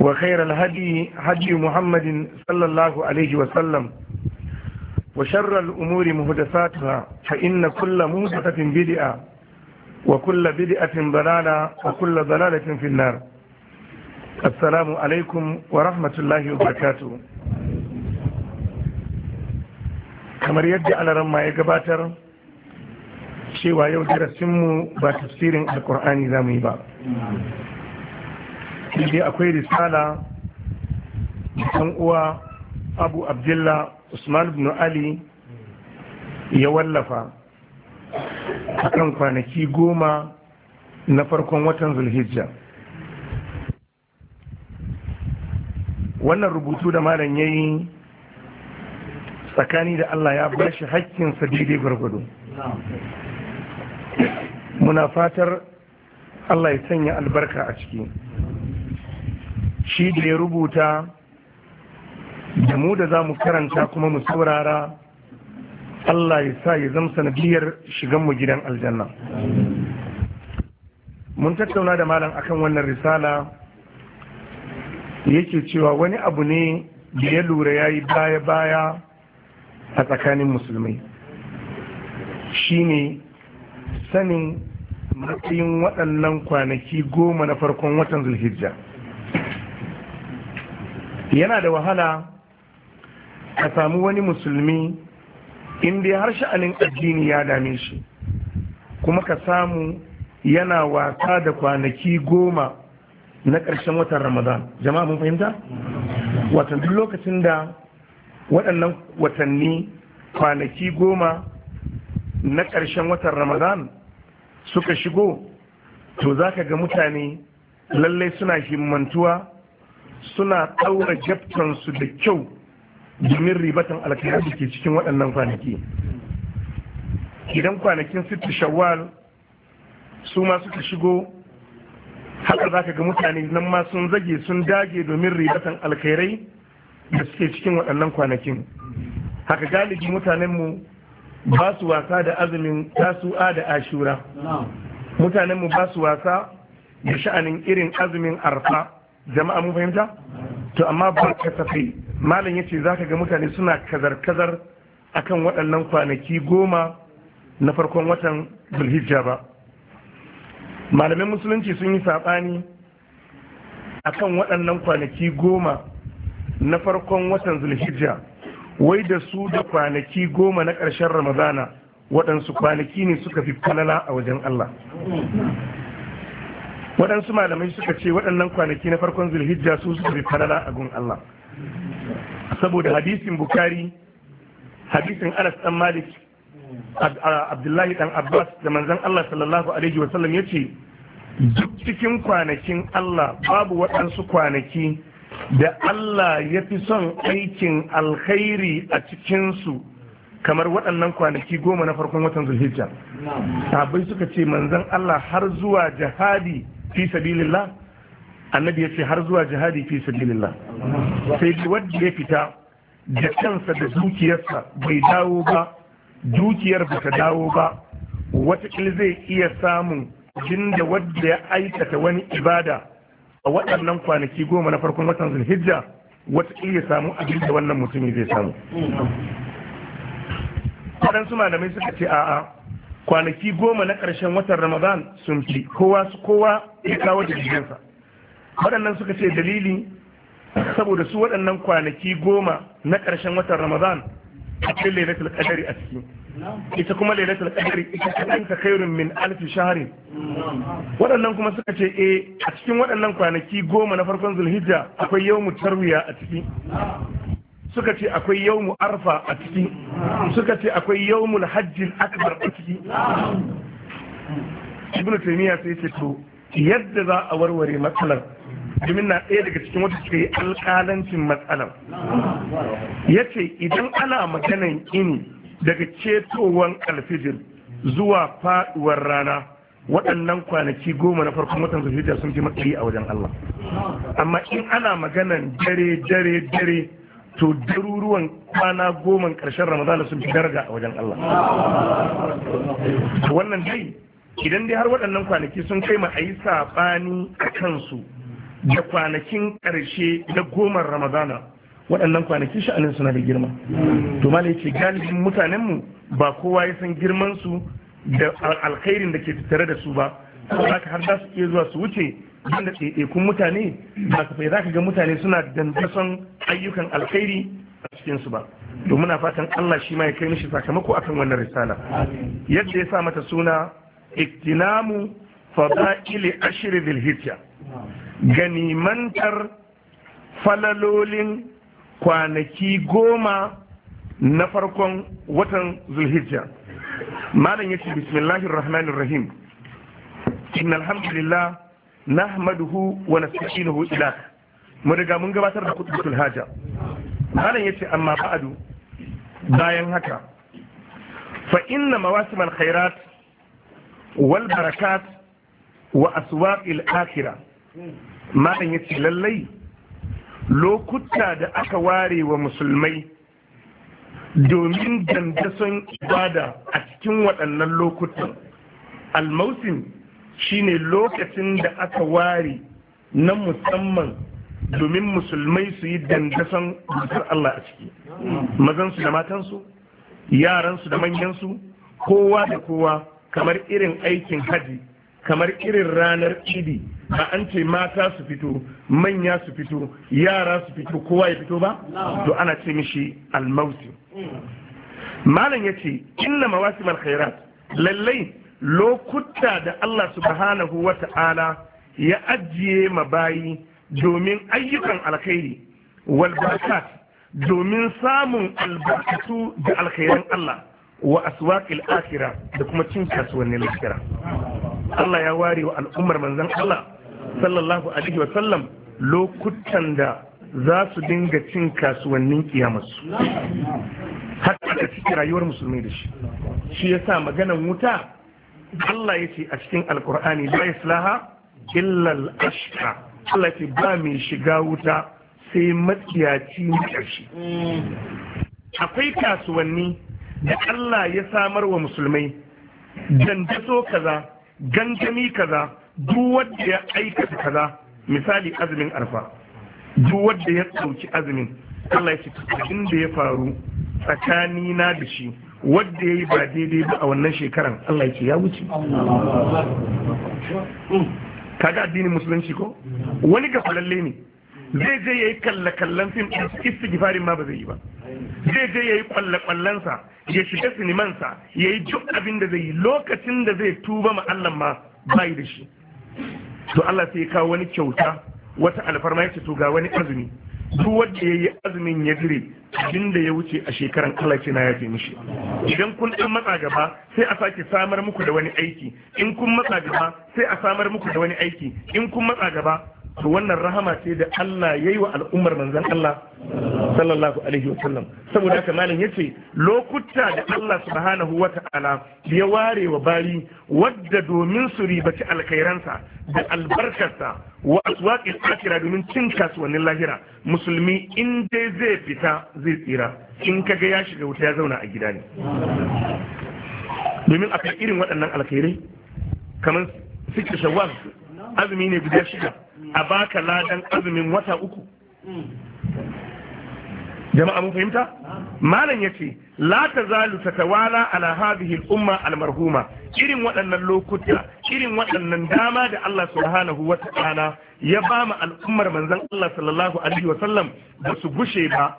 وخير الهدي هدي محمد صلى الله عليه وسلم وشر الأمور مهدفاتها فإن كل مهدفة بدئة وكل بدئة ضلالة وكل ضلالة في النار السلام عليكم ورحمة الله وبركاته kamar yadda alaran ma ya gabatar cewa yau darasinmu ba tafsirin alkur'ani za mu yi ba shi dai akwai risala ɗan uwa abu abdullah usman ibn ali ya wallafa akan kwanaki goma na farkon watan zulhijja wannan rubutu da malam ya yi tsakani da allah ya bashi shi haƙƙinsa daidai gwargwado muna fatar allah ya sanya albarka a ciki shi da ya rubuta da mu da za mu karanta kuma mu saurara Allah ya sa ya zama sanadiyar shiganmu gidan aljanna mun tattauna da malam akan wannan risala yake cewa wani abu ne da ya lura ya yi baya-baya a tsakanin musulmai shine sanin matsayin waɗannan kwanaki goma na farkon watan zulhijja yana da wahala a samu wani musulmi inda har sha'anin addini ya dame shi kuma ka samu yana wasa da kwanaki goma na ƙarshen watan ramadan jama'a mun fahimta watan duk lokacin da waɗannan watanni kwanaki goma na ƙarshen watan ramadan suka shigo to za ka ga mutane lallai suna himmantuwa suna ɗaura jabtansu da kyau domin ribatan alkhairar da ke cikin waɗannan kwanaki idan kwanakin sittu shawwal su ma suka shigo haka za ka ga mutane nan ma sun zage sun dage domin ribatan alkhairai da suke cikin waɗannan kwanakin haka galibi mutanenmu ba su wasa da azumin tasu'a da ashura mutanenmu ba su wasa da sha'anin irin azumin arfa jama'a mun fahimta to amma ba tafi. malam yace zaka ga mutane suna kazar-kazar akan waɗannan kwanaki goma na farkon watan zulhijja ba malamin musulunci sun yi saɓani akan waɗannan kwanaki goma na farkon watan zulhijja wai da su da kwanaki goma na ƙarshen ramadana waɗansu kwanaki ne suka fi falala a wajen allah waɗansu malamai suka ce waɗannan kwanaki na farkon zulhijja su suka bi falala a gun Allah saboda hadisin bukari hadisin anas dan malik abdullahi dan abbas da manzon Allah sallallahu alaihi wasallam ya ce duk cikin kwanakin Allah babu waɗansu kwanaki da Allah ya fi son aikin alkhairi a cikinsu kamar waɗannan kwanaki goma na farkon watan zulhijja sahabbai suka ce manzon Allah har zuwa jihadi fi sabilillah annabi ya ce har zuwa jihadi fi sabilillah sai wanda ya fita da kansa da dukiyarsa bai dawo ba dukiyar ba ta dawo ba watakil zai iya samun jin da wadda ya aikata wani ibada a waɗannan kwanaki goma na farkon watan zulhijja watakil ya samu abin da wannan mutumin zai samu waɗansu malamai suka ce a'a kwanaki goma na ƙarshen watan ramadan sun fi kowa su kowa ya kawo jikinsa waɗannan suka ce dalili saboda su waɗannan kwanaki goma na ƙarshen watan ramadan a cikin lailatul qadari a ciki ita kuma lailatul qadari ita kadan ka khairun min alfi shahri waɗannan kuma suka ce eh a cikin waɗannan kwanaki goma na farkon zulhijja akwai yawmu tarwiya a ciki suka ce akwai yawmu arfa a ciki suka ce akwai yawmul hajjil akbar a ciki ibn taymiya sai ce to yadda za a warware matsalar domin na ɗaya daga cikin wata suka yi alƙalancin matsalar ya ce idan ana maganan ini daga cetowar alfijir zuwa faɗuwar rana waɗannan kwanaki goma na farkon watan zulhijja sun fi matsayi a wajen Allah amma in ana maganan dare dare dare to daruruwan kwana goma karshen ramadana sun fi daraja a wajen Allah wannan dai idan dai har waɗannan kwanaki sun kai ma a yi saɓani a kansu da kwanakin karshe na goma ramadana waɗannan kwanaki sha'anin suna da girma to ma ce galibin mutanenmu ba kowa ya san girman su da alkhairin da ke tattare da su ba ko haka har za su iya zuwa su wuce banda ɗaiɗaikun mutane ba ka za ka ga mutane suna dandason ayyukan alkhairi a cikinsu ba domin na fatan Allah shi ma ya kai mishi sakamako akan wannan risala yadda ya sa mata suna iktinamu fada'ili ashri dhil ganimantar falalolin kwanaki goma na farkon watan zulhijja malam yace bismillahir rahmanir rahim innal nahmaduhu wa nasta'inuhu ila mu riga mun gabatar da kutubatul haja malam yace amma ba'adu bayan haka fa inna mawasim alkhairat wal barakat wa aswaqil akhirah malam yace lallai lokuta da aka ware wa musulmai domin dandason ibada a cikin waɗannan lokutan almausin shine lokacin da aka ware na musamman domin musulmai su yi dandasan busar Allah a ciki mazansu da matansu yaransu da manyansu kowa da kowa kamar irin aikin haji kamar irin ranar idi ba an ce mata su fito manya su fito yara su fito kowa ya fito ba to ana ce mishi almauti malam ya ce inna mawasimar khairat lallai lokuta da Allah subhanahu wa ta'ala ya ajiye ma bayi domin ayyukan alkhairi wal barakat domin samun albarkatu da alkhairan Allah wa aswaqil akhirah da kuma cin kasuwannin lahira Allah ya ware wa al'ummar manzon Allah sallallahu alaihi wa sallam lokutan da za su dinga cin kasuwannin kiyamarsu haka da cikin rayuwar musulmi da shi shi yasa maganan wuta Allah ya ce a cikin alkur'ani la islaha illa al-ashqa Allah ce ba mai shiga wuta sai matsiyaci na ƙarshe akwai kasuwanni da Allah ya samar wa musulmai dandaso kaza gangami kaza duk wanda ya aikata kaza misali azumin arfa duk wanda ya ɗauki azumin Allah ya ce da ya faru tsakanina da shi wadda ya yi ba daidai ba a wannan shekaran Allah ya ce ya wuce kaga addinin musulunci ko wani ga falalle ne zai je yayi kalla kallan fim din istighfarin ma ba zai yi ba zai je yayi kwalla kwallan sa ya shiga siniman sa yayi duk abin da zai yi lokacin da zai tuba ma Allah ma da shi to Allah sai ya kawo wani kyauta wata alfarma yace to ga wani azumi duk wanda ya yi azumin ya dire abin da ya wuce a shekaran Allah na na yafe mishi idan kun dan matsa gaba sai a sake samar muku da wani aiki in kun matsa gaba sai a samar muku da wani aiki in kun matsa gaba to wannan rahama ce da Allah ya yi wa al'ummar manzan Allah sallallahu alaihi wasallam saboda haka malam yace lokuta da Allah subhanahu wa ta'ala ya ware wa bari wadda domin su ribaci alkhairansa da albarkarsa wa aswaqil akhira domin cin kasuwannin lahira musulmi in dai zai fita zai tsira in kaga ya shiga wuta ya zauna a gida ne domin akai irin waɗannan alkhairai kamar suke shawwal azumi ne guda shiga. a baka ladan azumin wata uku jama'a mun fahimta malam yace la tazalu tatawala ala hadhihi al-umma al-marhuma irin waɗannan lokuta irin waɗannan dama da Allah subhanahu wa ta'ala ya ba mu al'ummar manzon Allah sallallahu alaihi wa sallam ba su gushe ba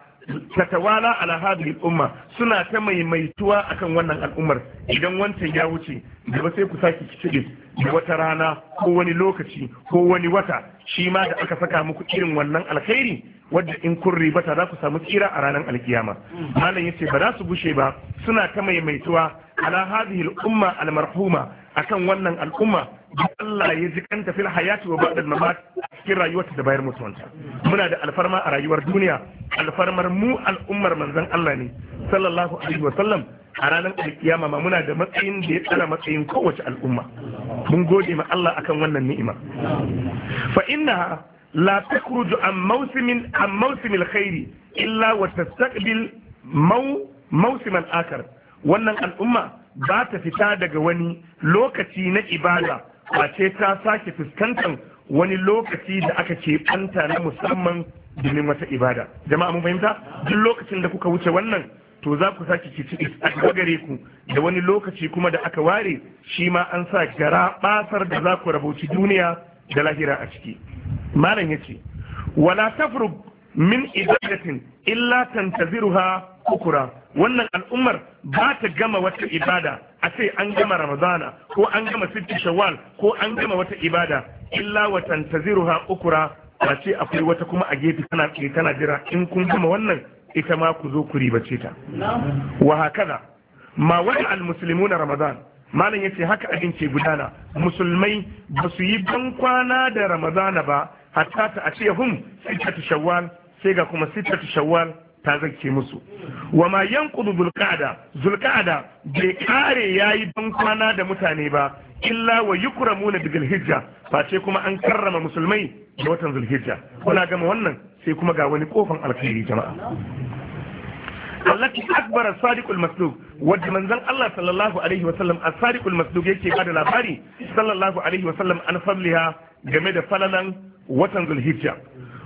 tatawala ala hadhihi al-umma suna ta maimaituwa akan wannan al'ummar idan wancan ya wuce gaba sai ku sake ki da wata rana ko wani lokaci ko wani wata shi ma da aka saka muku irin wannan alkhairi wadda in kun ribata za ku samu tsira a ranar alkiyama malam yace ba za su bushe ba suna ta maimaituwa ala hadhihi al-umma al-marhuma akan wannan al'umma da Allah ya ji kanta fil hayati wa ba'da al-mamat cikin rayuwarta da bayar mutuwanta muna da alfarma a rayuwar duniya alfarmar mu al'ummar manzon Allah ne sallallahu alaihi wa sallam a ranar kiyama, ma muna da matsayin da ya tsara matsayin kowace al'umma mun gode ma Allah akan wannan ni'ima fa inna la takhruju an mawsimin an mawsimil khairi illa wa tastaqbil maw mawsiman akar wannan al'umma ba ta fita daga wani lokaci na ibada ba ce ta sake fuskantar wani lokaci da aka ce ɓanta na musamman domin wata ibada jama'a mun fahimta duk lokacin da kuka wuce wannan to za ku sake ki ciki a gare ku da wani lokaci kuma da aka ware shi ma an sa gara basar da za ku rabauci duniya da lahira a ciki malam ce, wala tafrug min ibadatin illa tantaziruha ukura wannan al'ummar ba ta gama wata ibada a ce an gama ramadana ko an gama sitti shawwal ko an gama wata ibada illa wa tantaziruha ukura ba ce akwai wata kuma a gefe tana tana jira in kun gama wannan ita ma ku zo ku ribace ta wa hakaza ma wani na ramadan malam yace haka abin ce gudana musulmai ba su yi ban kwana da ramadana ba hatta ta a ce hum sittatu shawwal sai ga kuma sittatu shawwal ta zake musu wa ma yanqudu zulqa'da zulqa'da bai kare yayi ban kwana da mutane ba illa wa yukramuna bi zulhijja face kuma an karrama musulmai da watan hijja kuna gama wannan sai kuma ga wani kofan alkhairi jama'a allati akbara sadiqul masduq wadda manzon Allah sallallahu alaihi wa sallam as-sadiqul masduq yake bada labari sallallahu alaihi wa sallam an fadliha game da falalan watan hijja.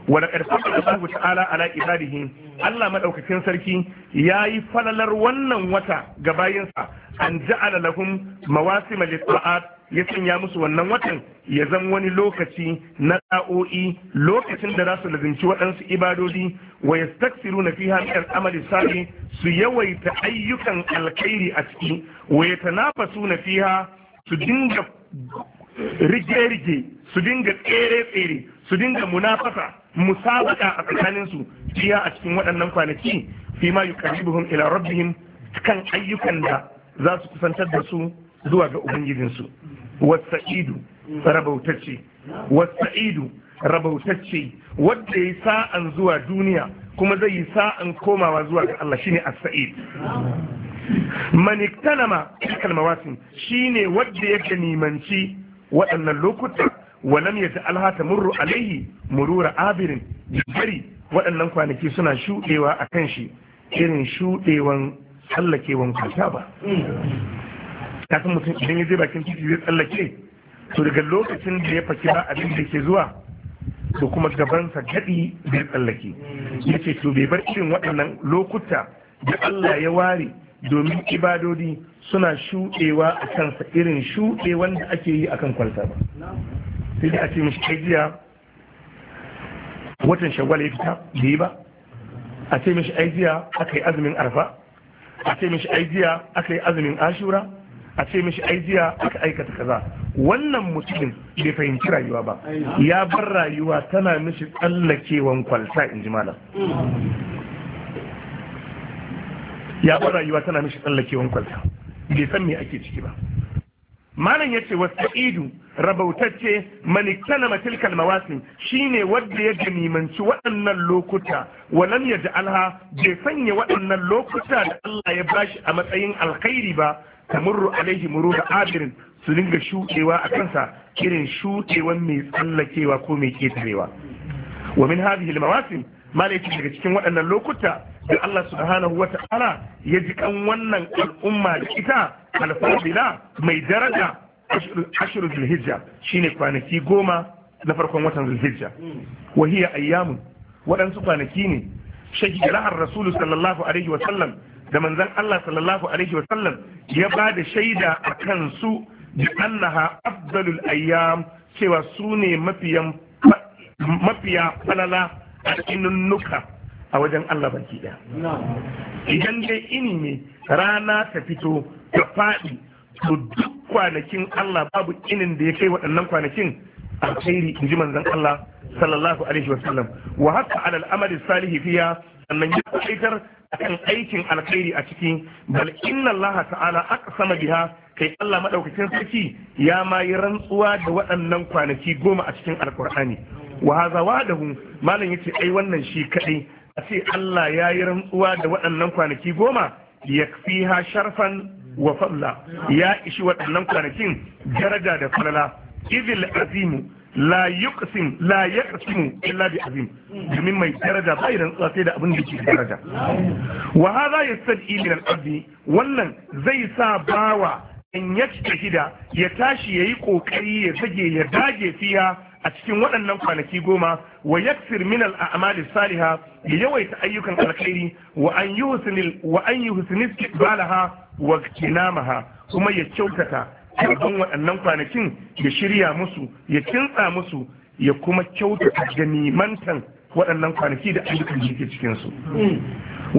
wa laqad fadala ta'ala ala ibadihi Allah madaukakin sarki yayi falalar wannan wata ga bayinsa an ja'ala lahum mawasim lit ya sanya musu wannan watan ya zan wani lokaci na sa'o'i lokacin da za su lazinci waɗansu ibadodi wa yastaksiru na fiha min amali su yawaita ayyukan alkhairi a ciki wa yatanafasu na fiha su dinga rige-rige su dinga tsere-tsere su dinga munafasa musabaka a tsakanin su jiya a cikin waɗannan kwanaki fi ma yuqarribuhum ila rabbihim kan ayyukan da za su kusantar da su zuwa ga ubangijinsu wasa'idu rabautacce wasa'idu rabautacce wadda ya sa'an zuwa duniya kuma zai yi sa'an komawa zuwa ga Allah shine as-sa'id maniktanama kalmawasin shine wadda ya ganimanci waɗannan lokuta walam ya ta'alha ta murru alaihi murura abirin bari waɗannan kwanaki suna shuɗewa a kan shi irin shuɗewan tsallakewan kwata ba ta san mutum idan ya je bakin titi zai tsallake to daga lokacin da ya faki ba abin da ke zuwa da kuma gabansa gaɗi zai tsallake ya ce to bai bar irin waɗannan lokuta da Allah ya ware domin ibadodi suna shuɗewa a kansa irin shuɗewan da ake yi akan kwalta ba sai dai a ce mishi kai jiya watan shawwal ya fita da yi ba a ce mishi ai jiya aka yi azumin arfa a ce mishi ai jiya aka yi azumin ashura a ce mishi ai jiya aka aikata kaza wannan mutumin bai fahimci rayuwa ba ya bar rayuwa tana mishi tsallakewan kwalta in ji malam ya bar rayuwa tana mishi tsallakewan kwalta bai san me ake ciki ba malam ya ce wasu idu rabautacce malikana matilkal mawasin shine wanda ya ganimanci waɗannan lokuta walam ya alha bai sanya waɗannan lokuta da Allah ya bashi a matsayin alkhairi ba tamurru alaihi muru da abirin su dinga shuɗewa a kansa irin shuɗewa mai tsallakewa ko mai ketarewa wa min hadhihi almawasim malai daga cikin waɗannan lokuta da Allah subhanahu wa ta'ala ya ji kan wannan al'umma da ita alfadila mai daraja Ashirin zulhijja shine kwanaki goma na farkon watan zulhijja wa ayyamun waɗansu kwanaki ne shahidar rasulu sallallahu alaihi wa sallam da manzon Allah sallallahu alaihi wa sallam ya ba da shaida a kansu bi annaha afdalul ayyam cewa su ne mafiya falala a cikin nuka a wajen Allah baki daya idan dai ini ne rana ta fito ta faɗi to duk kwanakin Allah babu inin da ya kai waɗannan kwanakin alkhairi in ji manzon Allah sallallahu alaihi wa sallam wa haka alal amali salihi fiya sannan ya kaitar akan aikin alkhairi a ciki bal inna Allah ta'ala aqsama biha kai Allah madaukakin sarki ya ma yi rantsuwa da waɗannan kwanaki goma a cikin alkur'ani wa hadha wa'dahu malam yace ai wannan shi kadai a ce Allah ya yi rantsuwa da waɗannan kwanaki goma ya fi ha sharfan wa fadla ya ishi waɗannan kwanakin daraja da falala izil azimu la yuqsim la yaqsimu illa bi azim domin mai daraja bai rantsuwa sai da abin da ke daraja wa hadha yastad'i min al-abdi wannan zai sa bawa in gida ya tashi yayi kokari ya sage ya dage fiya a cikin waɗannan kwanaki goma wa yaksir min al'amali saliha ya yawaita ayyukan alkhairi wa an yi wa an yi husnil wa kinamaha kuma ya kyautata cikin waɗannan kwanakin ya shirya musu ya kintsa musu ya kuma kyautata ganimantan waɗannan kwanaki da ayyukan da yake cikin su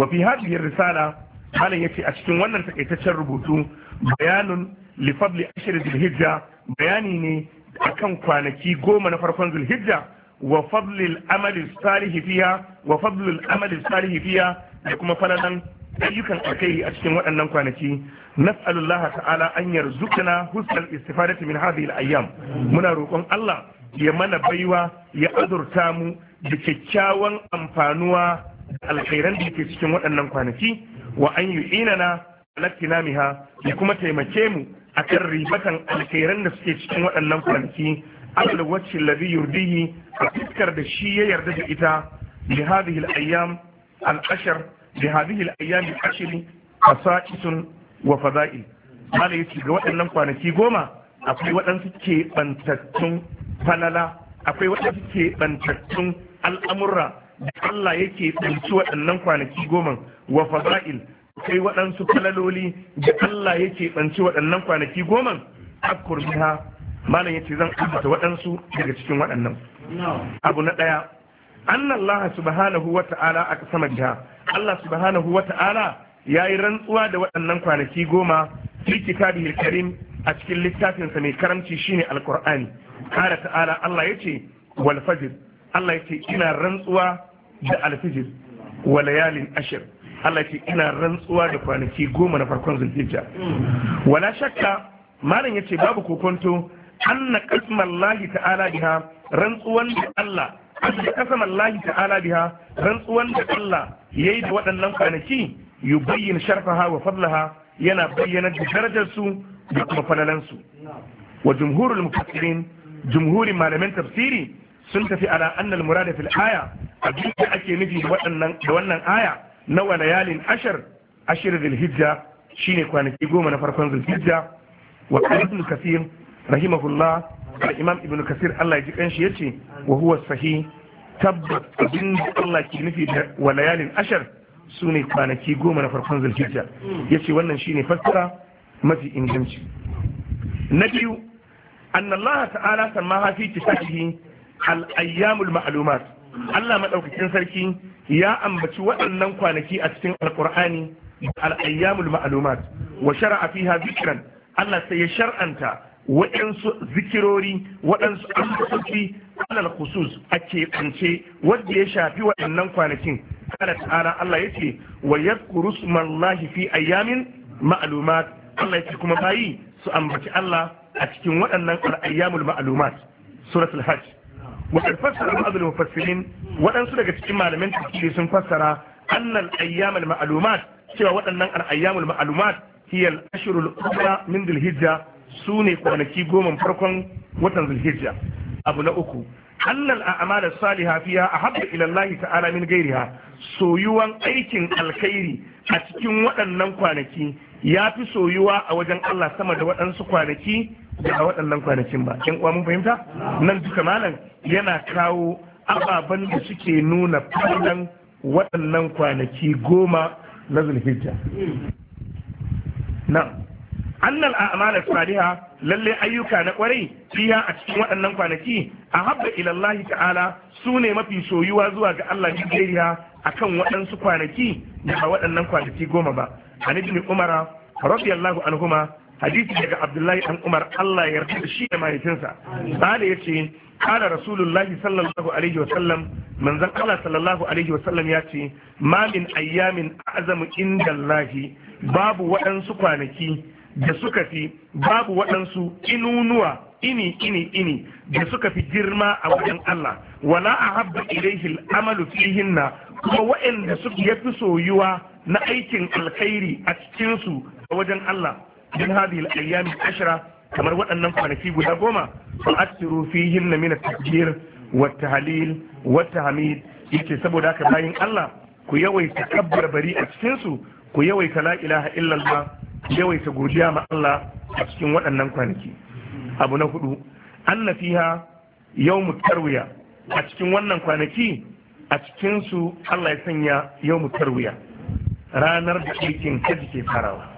wa fi hadhihi risala halin yace a cikin wannan takaitaccen rubutu bayanun li fadli ashr dhulhijja bayani ne akan kwanaki goma na farkon zulhijja wa fadlil amali salihi fiya wa fadlil amali salihi fiya da kuma falalan ayyukan alkhairi a cikin waɗannan kwanaki nas'alullah ta'ala an yarzuqana husnal istifadati min hadhihi al-ayyam muna roƙon Allah ya mana baiwa ya azurta mu da kyakkyawan amfanuwa da alkhairan da ke cikin waɗannan kwanaki wa an yu'inana ala kinamiha ya kuma taimake mu akan ribatan alkhairan da suke cikin waɗannan kwanaki alal wacce ladhi yurdihi a fuskar da shi ya yarda da ita li hadhihi al ayyam al ashar li hadhihi al ayyam al ashri fasaisun wa fada'il mala yace ga waɗannan kwanaki goma akwai waɗansu ke bantattun falala akwai waɗansu ke bantattun al'amurra da Allah yake tsanci waɗannan kwanaki goma wa fada'il Kai waɗansu falaloli da Allah yake ɓanci waɗannan kwanaki goma a biha malam yace zan ambata waɗansu daga cikin waɗannan abu na ɗaya annan Allah subhanahu wa ta'ala a sama biha Allah subhanahu wa ta'ala ya yi rantsuwa da waɗannan kwanaki goma fi kitabihil karim a cikin littafinsa mai karamci shine alqur'ani kara ta'ala Allah yace wal fajr Allah yace ina rantsuwa da alfijir wa layalin ashir Allah ce ina rantsuwa da kwanaki goma na farkon zulhijja wala shakka malam yace babu kokonto anna qasmallahi ta'ala biha rantsuwan da Allah da qasmallahi ta'ala biha rantsuwan da Allah yayi da waɗannan kwanaki yubayyin sharfaha wa fadlaha yana bayyana da darajar su da kuma falalan su wa jumhurul mufassirin jumhurin malaman tafsiri sun tafi ala annal murada fil aya abin da ake nufi da wannan aya na walayalin ashar ashir zulhijja shine kwanaki goma na farkon zulhijja wa ibn kasir rahimahullah da imam ibn kasir Allah ya ji kanshi yace wa huwa sahih tabbat abin da Allah ke nufi da walayalin ashar su ne kwanaki goma na farkon Ya yace wannan shine fassara mafi inganci na biyu أن الله تعالى ta ciki al ayyamul ma'lumat Allah maɗaukakin sarki ya ambaci waɗannan kwanaki a cikin Alƙur'ani da al'ayyamul ma'lumat wa shar'a fiha zikran Allah sai ya shar'anta waɗansu zikirori waɗansu ambaci alal khusus a keɓance wanda ya shafi waɗannan kwanakin kada ta'ala Allah yace wa yadhkuru smallahi fi ayyamin ma'lumat Allah ce kuma bayi su ambaci Allah a cikin waɗannan al-ayyamul ma'lumat suratul hajj وقد فسر بعض المفسرين waɗansu daga cikin malaman tafsiri sun fassara annal ayyamul ma'lumat cewa waɗannan al ayyamul ma'lumat hiya al min dhulhijja sune kwanaki goma farkon watan dhulhijja abu na uku annal a'mal as-salihah fiha ahabbu ila Allah ta'ala min ghairiha soyuwan aikin alkhairi a cikin waɗannan kwanaki ya fi soyuwa a wajen Allah sama da waɗansu kwanaki da a waɗannan kwanakin ba yan uwa mun fahimta nan duka malam yana kawo ababen da suke nuna fadlan waɗannan kwanaki goma na zulhijja nan annal a'mal saliha lalle ayyuka na kwarai fiya a cikin waɗannan kwanaki a habba ilallahi ta'ala su ne mafi soyuwa zuwa ga Allah a akan waɗansu kwanaki da a waɗannan kwanaki goma ba hanifin ibn umara radiyallahu anhuma hadisi daga abdullahi dan umar allah ya da shi da mahaifinsa sale ya ce kala rasulullahi sallallahu alaihi wa sallam manzon allah sallallahu alaihi wa sallam ya ce ma min ayyamin azamu indallahi babu waɗansu kwanaki da suka fi babu waɗansu inunuwa ini ini ini da suka fi girma a wajen Allah wala a habba ilaihi al'amalu fihinna kuma waɗanda suka yafi soyuwa na aikin alkhairi a cikinsu a wajen Allah min hadhihi al-ayyam ashra kamar waɗannan kwanaki guda goma fa asiru fihin min at-takbir wa tahlil wa tahmid yace saboda haka bayin Allah ku yawaita kabbar bari a cikin su ku yawaita la ilaha yawai yawaita godiya ma Allah a cikin waɗannan kwanaki abu na hudu anna fiha yawmut tarwiya a cikin wannan kwanaki a cikin su Allah ya sanya yawmut tarwiya ranar da aikin kaji ke farawa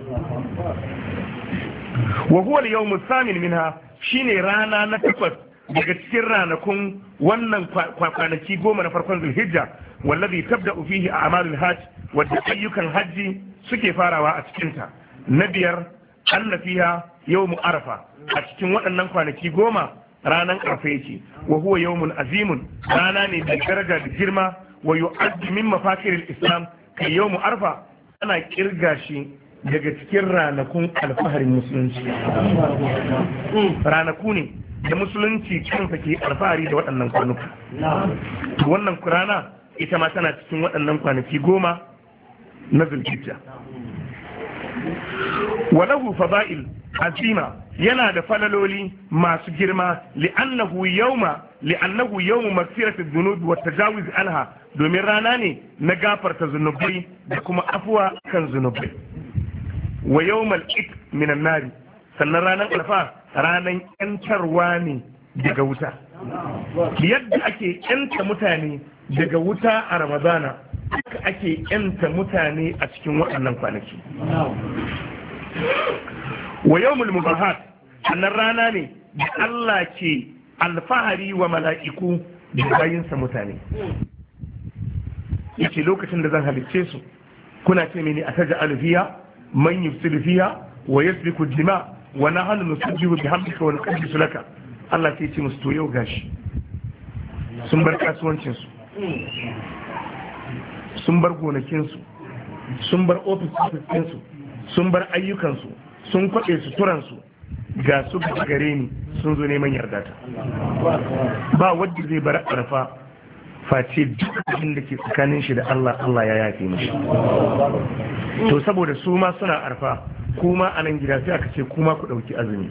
wa huwa al thamin minha shine rana na takwas daga cikin ranakun wannan kwanaki goma na farkon zulhijja wallazi ufihi a a'malul hajj wadda ayyukan hajji suke farawa a cikin ta na biyar an fiha yawmu arafa a cikin waɗannan kwanaki goma ranan arfa yake wa huwa yawmun azimun rana ne da daraja da girma wa yu'addu min islam kai yawmu arfa ana kirga shi daga cikin ranakun alfaharin musulunci ranaku ne da musulunci kansa ke alfahari da waɗannan kwanuka wannan kurana ita ma tana cikin waɗannan kwanaki goma na zulhijja walahu faba'il azima yana da falaloli masu girma li'annahu yawma li'annahu yawmu maghfirati dhunub wa tajawiz anha domin rana ne na gafarta zunubai da kuma afuwa kan zunubai wa yawmal it minan nari sannan ranar alfa ranar yantarwa ne daga wuta yadda ake yanta mutane daga wuta a ramadana haka ake yanta mutane a cikin waɗannan kwanaki wa yawmul mubahat sannan rana ne da Allah ke alfahari wa mala'iku da bayinsa mutane yace lokacin da zan halicce su kuna ce mini a taja alfiya man yufsidu fiha wa yasfiku dima wa nahnu nusabbihu bihamdika wa nuqaddisu laka Allah sai ce musu to yau gashi sun bar kasuwancin sun bar gonakin su sun bar ofis din su sun bar ayyukan sun kwaɗe suturan ga su gare ni sun zo neman yarda ta ba wanda zai bar arfa face duk abin da ke tsakanin shi da Allah Allah ya yafe mashi. to saboda su ma suna arfa kuma a nan gida sai aka ce kuma ku ɗauki azumi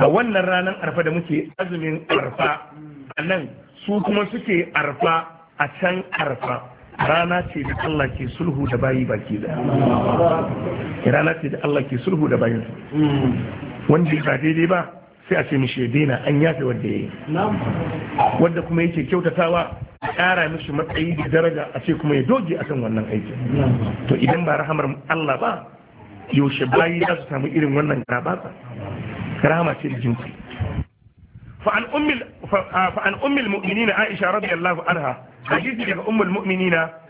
a wannan ranar arfa da muke azumin arfa a nan su kuma suke arfa a can arfa rana ce da Allah ke sulhu da bayi baki da rana ce da Allah ke sulhu da bayin wanda ba daidai ba sai a ce mishi ya daina an yafe wadda ya yi wadda kuma yake kyautatawa a yara mishi matsayi da daraja a ce kuma ya doge a kan wannan aiki to idan ba rahamar Allah ba yaushe bayi za su samu irin wannan garabasa Karama ce da jinsi فعن أم المؤمنين muminina رضي الله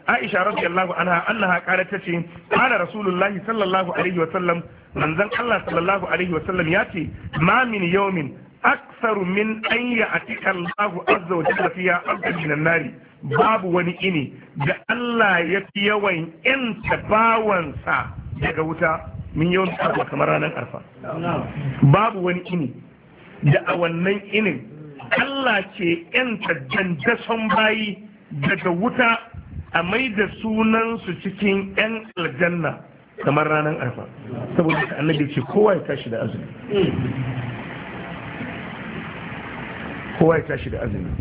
aisha radiyallahu anha annaha qalat tace qala rasulullahi sallallahu alaihi wa sallam manzon Allah sallallahu alaihi wa sallam yace ma min yawmin aksaru min an ya'tika Allah azza wa jalla fiya abdan min nari babu wani ini da Allah ya fi yawan in tabawansa daga wuta min yawan arfa kamar ranar arfa babu wani ini da a wannan inin Allah ce yanta dandason bayi daga wuta a mai da sunansu cikin 'yan aljanna kamar ranar arfa saboda ka annabi ce kowa ya tashi da azumi kowa ya tashi da azumi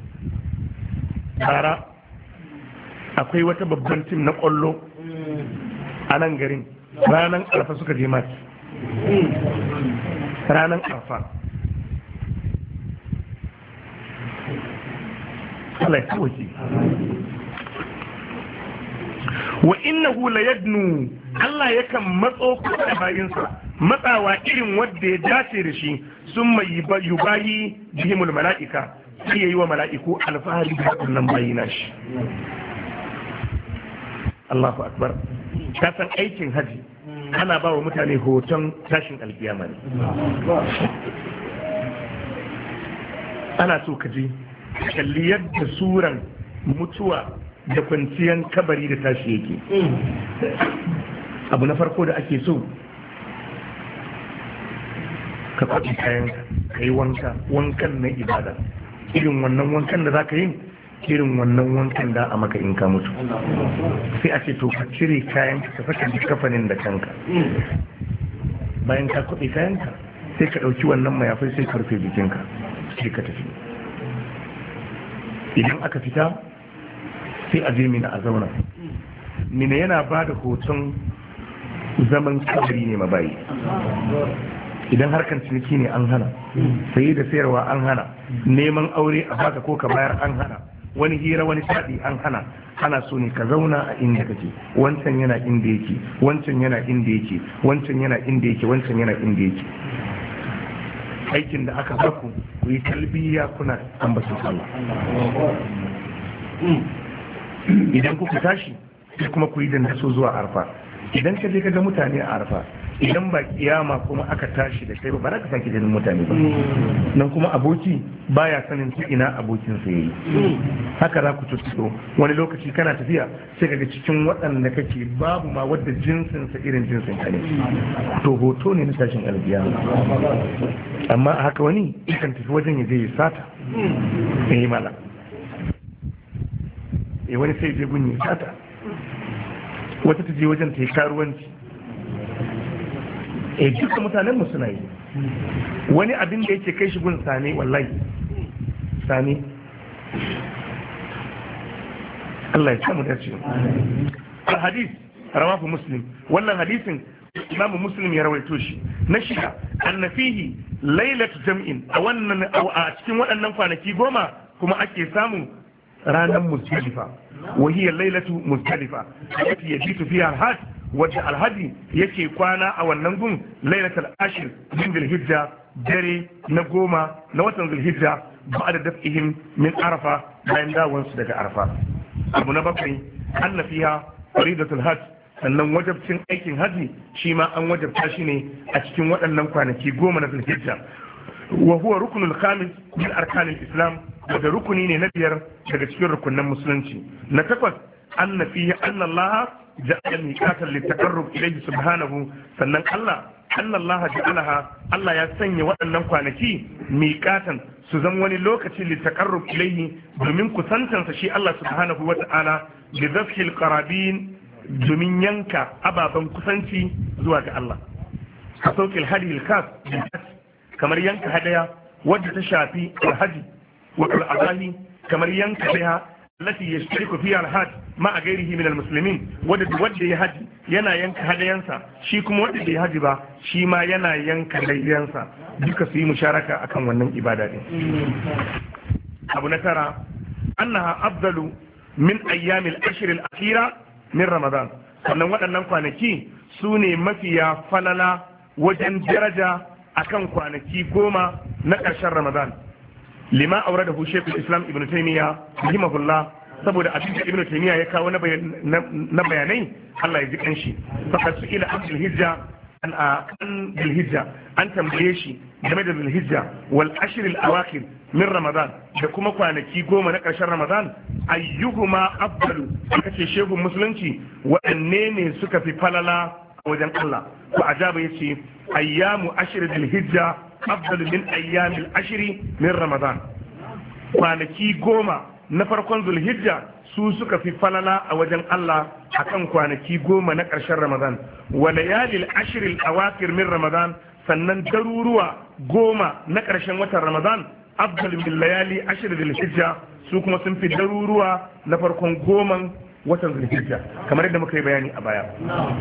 bara akwai wata babban tim na kwallo a nan garin ranar arfa suka je mati ranar arfa Allah ya kawo wa innahu yadnu Allah yakan matso da bayinsa matsawa irin wanda ya dace da shi sun mai yubayi jihimul mala'ika sai yayi wa mala'iku alfahari da wannan bayina shi Allahu akbar ka san aikin haji ana ba wa mutane hoton tashin alkiyama ne ana so ka je kalli yadda suran mutuwa da kwanciyar kabari da tashi yake mm. abu na farko da ake so ka kwaci kayan ka yi wanka wankan na ibada irin wannan wankan da za ka yi irin wannan wankan da a maka in ka mutu sai a ce to ka cire kayan ka saka kafanin da kanka mm. bayan ka kwaɗe kayan ka sai ka ɗauki wannan mayafai sai ka rufe jikinka sai ka tafi idan aka fita sai a je mina a zauna mina yana ba da hoton zaman kawari ne mabayi idan harkar ciniki ne an hana sai da sayarwa an hana neman aure a baka ko ka bayar an hana wani hira wani shaɗi an hana ana so ne ka zauna a inda kake wancan yana inda yake wancan yana inda yake wancan yana inda yake wancan yana inda yake aikin da aka baku ku yi talbiya kuna ambasin Allah idan kuka tashi sai kuma ku yi naso zuwa arfa idan ka je ka ga mutane a arfa idan ba kiyama kuma aka tashi da kai ba ba za ka sake ganin mutane ba nan kuma aboki baya sanin ta ina abokin sa yayi haka za ku tuttuɗo wani lokaci kana tafiya sai kaga cikin waɗanda kake babu ma wadda jinsin sa irin jinsin ka ne to hoto ne na tashin albiya amma haka wani ikan tafi wajen ya je ya sata eh mala eh wani sai je gun ya sata wata ta je wajen ta yi karuwanci eh duka mutanen mu suna yi wani abin da yake kai shi gun Sani, wallahi Sani. Allah ya samu dace al hadis rawahu muslim wannan hadisin imam muslim ya rawaito shi na shida annafihi lailatu jam'in a wannan a cikin waɗannan kwanaki goma kuma ake samu ranar muzdalifa wa ya lailatu muzdalifa allati yabitu fiha al-hajj wadda alhaji yake kwana a wannan gun lailatul ashir min dhulhijja dare na goma na watan ba ba'da daf'ihim min arafa bayan dawansu daga arafa abu na bakwai anna fiha faridatul hajj sannan wajabcin aikin haji shi ma an wajabta shi ne a cikin waɗannan kwanaki goma na zulhijja wa huwa rukunul khamis min arkanil islam daga rukuni ne na biyar daga cikin rukunan musulunci na takwas anna fihi anna Allah ja'ala miqatan litaqarrub ilayhi subhanahu sannan Allah anna Allah ja'alaha Allah ya sanya waɗannan kwanaki miqatan su zama wani lokaci litaqarrub ilayhi domin kusantansa shi Allah subhanahu wa ta'ala bi dhafhil qarabin domin yanka ababen kusanci zuwa ga Allah a sauƙin hadil kas kamar yanka hadaya wadda ta shafi alhaji wa al'adani kamar yanka hadaya التي يشترك فيها الحاج مع غيره من المسلمين wadda wadda ya haji yana yanka hadayansa shi kuma wadda bai haji ba shi ma yana yanka layyansa duka su yi musharaka akan wannan ibada din abu na tara annaha afdalu min ayyamil ashr al akhira min ramadan sannan waɗannan kwanaki su ne mafiya falala wajen daraja akan kwanaki goma na ƙarshen ramadan lima aure da shekul islam ibn taimiyya rahimahullah saboda abin da ibn taimiyya ya kawo na bayanai allah ya ji kanshi fakat su ila an hijja an an hijja an tambaye shi game da hijja wal ashr al min ramadan da kuma kwanaki goma na ƙarshen ramadan ayyuhuma afdalu aka ce shehun musulunci waɗanne ne suka fi falala wajen Allah fa ajaba yace ayyamu ashr dil hijja afdalu min ayyamil ashri min ramadan kwanaki goma na farkon zulhijja su suka fi falala a wajen Allah akan kwanaki goma na ƙarshen ramadan wa layalil ashril awakir min ramadan sannan daruruwa goma na ƙarshen watan ramadan afdal min layali ashr dil hijja su kuma sun fi daruruwa na farkon goman watan zulhijja kamar yadda muka yi bayani a baya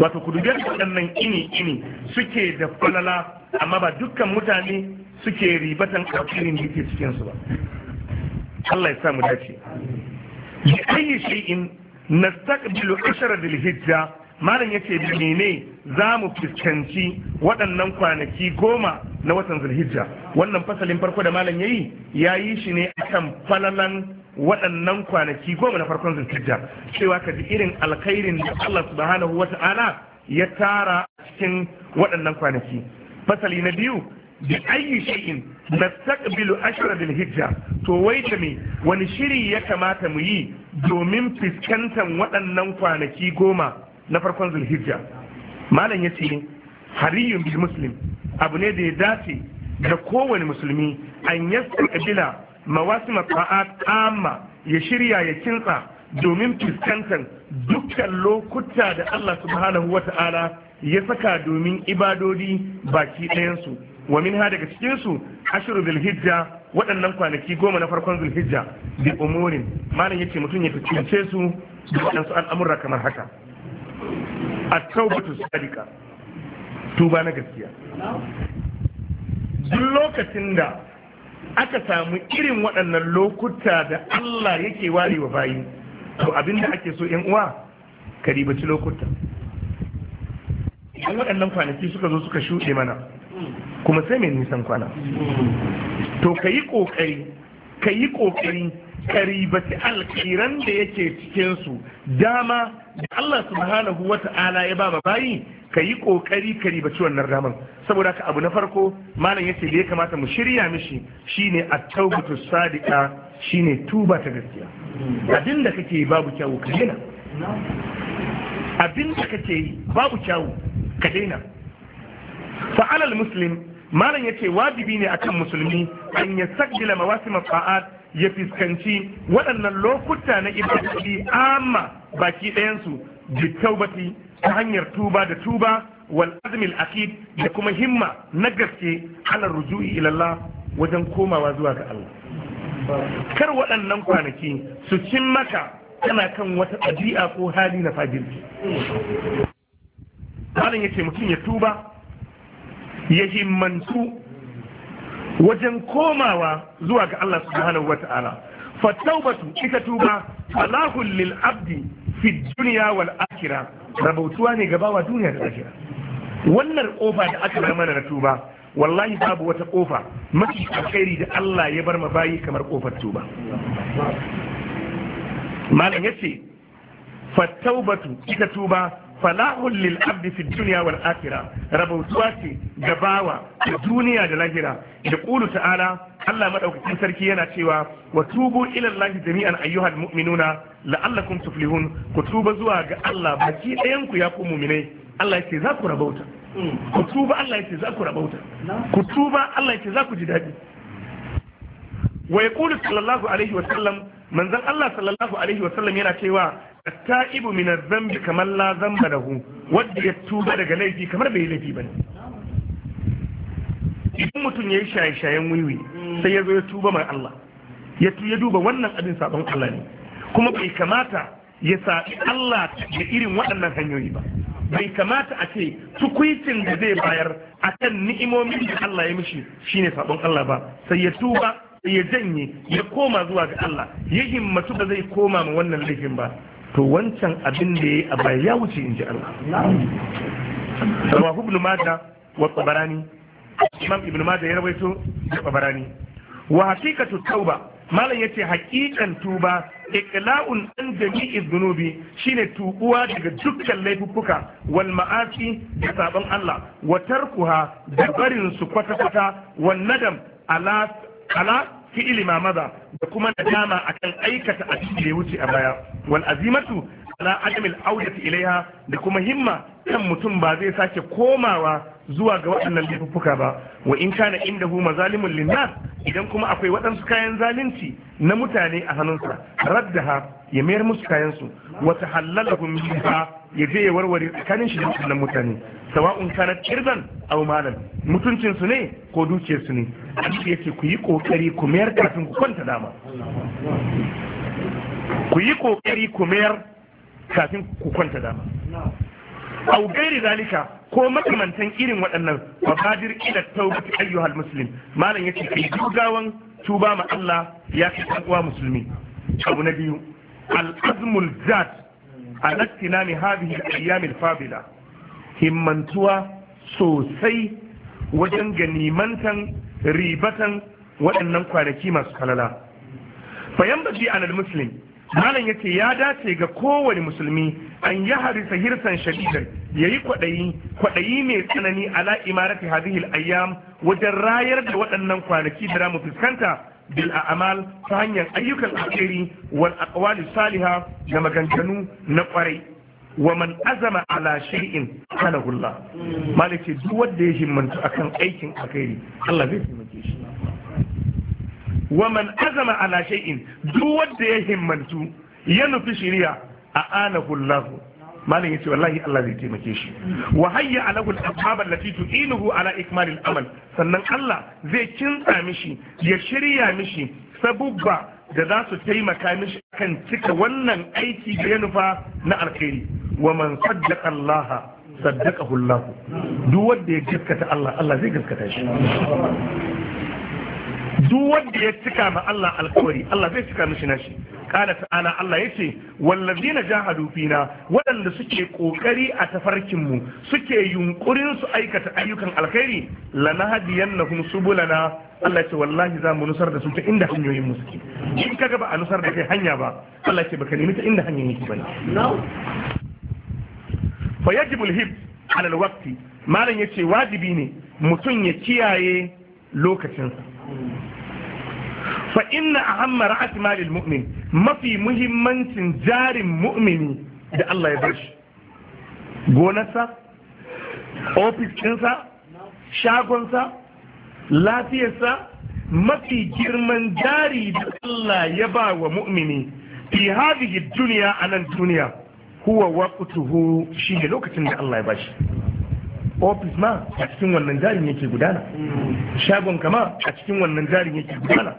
wato ku dubi waɗannan ini ini suke da falala amma ba dukkan mutane suke ribatan alkhairin da yake cikin su ba Allah ya samu dace bi ayi shay'in nastaqbilu ashara dil hijja malam yace da zamu za mu fuskanci waɗannan kwanaki goma na watan zulhijja wannan fasalin farko da malam yayi yayi shi ne akan falalan waɗannan kwanaki goma na farkon zulhijja cewa ka ji irin alkhairin da Allah subhanahu ta'ala ya tara cikin waɗannan kwanaki fasali na biyu bi ayyi shay'in nastaqbilu ashra bil hijja to wai ta me wani shiri ya kamata mu yi domin fuskantar waɗannan kwanaki goma na farkon zulhijja malam ya ce hariyun bil muslim abu ne da ya dace da kowane musulmi an yasta mawasim fa'at amma ya shirya ya kintsa domin fuskantar dukkan lokuta da Allah subhanahu wa ta'ala ya saka domin ibadodi baki ɗayansu wa min ha daga cikinsu ashiru zulhijja waɗannan kwanaki goma na farkon zulhijja bi umurin malam yace mutum ya fitince su da waɗansu al'amurra kamar haka at-taubatu sadiqa tuba na gaskiya duk lokacin da aka samu irin waɗannan lokuta da Allah yake ware wa bayi to abinda ake so yan uwa ka ribaci lokuta idan waɗannan kwanaki suka zo suka shuɗe mana kuma sai mai nisan kwana to ka yi ƙoƙari ka yi ƙoƙari ka ribaci alƙiran da yake cikinsu dama da Allah subhanahu wa ta'ala ya ba bayi ka yi ƙoƙari ka ci wannan ramar saboda ka abu na farko malam yace ce da ya kamata mu shirya mishi shine a taubatu sadiqa shine tuba ta gaskiya abin da kake babu kyawu ka daina abin da kake yi babu kyawu ka daina fa'alal muslim malam yace wajibi ne akan musulmi an ya sakdila mawasim fa'ad ya fiskanci waɗannan lokuta na ibadati amma baki ɗayansu bi ta hanyar tuba da tuba wal azmil akid da kuma himma na gaske ala ruju'i ila Allah wajen komawa zuwa ga Allah kar waɗannan kwanaki su cin maka kana kan wata ɗabi'a ko hali na fajirci malam yace mutum ya tuba ya himmantu wajen komawa zuwa ga Allah subhanahu wata'ala fa ita tuba salahul lil abdi fi dunya wal akhirah rabautuwa ne gaba wa duniya da lahira wannan kofa da aka bar mana na tuba wallahi babu wata kofa mafi alkhairi da Allah ya bar bayi kamar kofar tuba malam yace fattaubatu ita tuba falahun lil abdi fi dunya wal akhirah rabautuwa ce ga bawa da duniya da lahira da qulu ta'ala Allah madaukakin sarki yana cewa wa tubu ila Allah jami'an ayyuhal mu'minuna la'allakum tuflihun ku tuba zuwa ga Allah baki ɗayan ku ya ku mu'minai Allah yake za ku rabauta ku tuba Allah yake za ku rabauta ku tuba Allah za ku ji daɗi sallallahu alaihi wa sallam Allah sallallahu alaihi wa sallam yana cewa التائب من zambi kamar la ذنب له ودي ya tuba daga laifi kamar bai laifi bane idan mutum yayi shaye-shayen wiwi sai ya zo ya tuba mai Allah ya ya duba wannan abin sabon Allah ne kuma bai kamata ya sabi Allah da irin waɗannan hanyoyi ba bai kamata a ce tukuitin da zai bayar a kan ni'imomin da Allah ya mishi shine sabon Allah ba sai ya tuba ya janye ya koma zuwa ga Allah ya himmatu ba zai koma ma wannan laifin ba to wancan abin da ya a baya ya wuce in ji Allah rawahu ibn mada wa tabarani imam ibn mada ya rawaito da tabarani wa haqiqatu tauba malam ya ce haqiqan tuba iqla'un an jami'i dhunubi shine tubuwa daga dukkan laifuffuka wal ma'asi da sabon Allah wa tarkuha da barin su kwata kwata wan nadam ala fi'ili ma maza da kuma nadama akan aikata a da ya wuce a baya wal azimatu ala adamil audati ilaiha da kuma himma kan mutum ba zai sake komawa zuwa ga waɗannan laifuffuka ba wa in kana huma mazalimun linnas idan kuma akwai waɗansu kayan zalunci na mutane a hannunsa raddaha ya mayar musu kayansu wa tahallalakum minha ya je ya warware tsakanin shi da waɗannan mutane sawa'un kana irdan aw malan mutuncin su ne ko dukiyar su ne annabi yace ku yi kokari ku mayar kafin ku kwanta dama ku yi kokari ku mayar kafin ku kwanta dama au gairi zalika ko makamantan irin waɗannan wa badir ila tawbati ayyuhal muslim malam yace kai gaggawan tuba ma Allah ya kai dan uwa musulmi abu na biyu al azmul zat ala tinami hadhihi al ayyam al fadila himmantuwa sosai wajen ganimantan ribatan waɗannan kwanaki masu kalala fayan baji anal muslim malam ya ce ya dace ga kowane musulmi an yi harisa hirsan shadidan ya yi kwaɗayi kwaɗayi mai tsanani ala imarati hadihil ayyam wajen rayar da waɗannan kwanaki da ramu fuskanta bil a'amal ta hanyar ayyukan alheri wal aqwali saliha da maganganu na kwarai wa man azama ala shay'in kana hulla malaki duk wanda ya himmantu akan aikin alkhairi Allah zai taimake shi Waman azama ala shay'in duk wanda ya himmantu ya nufi shiriya a anahu lahu malam yace wallahi Allah zai taimake shi Wahayya hayya alahu al-asbab allati ala ikmal al-amal sannan Allah zai kinsa mishi ya shirya mishi sabubba da za su taimaka mishi kan cika wannan aiki da ya nufa na alkhairi Waman man saddaqa Allah saddaqahu Allah duk wanda ya gaskata Allah Allah zai gaskata shi duk wanda ya cika ma Allah alkawari Allah zai cika mishi nashi kana ta'ala Allah yace wallazina jahadu fina wadanda suke kokari a tafarkin mu suke yunkurin su aikata ayyukan alkhairi lanahdiyannahum subulana Allah ce wallahi za mu nusar da su ta inda hanyoyin mu suke in kaga ba a nusar da kai hanya ba Allah ce baka nemi ta inda hanyoyin ki bane fa yajibu alhib ala alwaqti malan yace wajibi ne mutum ya kiyaye lokacinsa fa inna ahamma ra'ati mu'min mafi muhimmancin jarin mu'mini da Allah ya bashi gonarsa ofis ɗinsa shagonsa lafiyarsa mafi girman jari da Allah ya ba wa mu'mini fi hadhihi duniya a nan duniya huwa waqtuhu shi lokacin da Allah ya bashi ofis ma a cikin wannan jarin yake gudana shagon kama a cikin wannan jarin yake gudana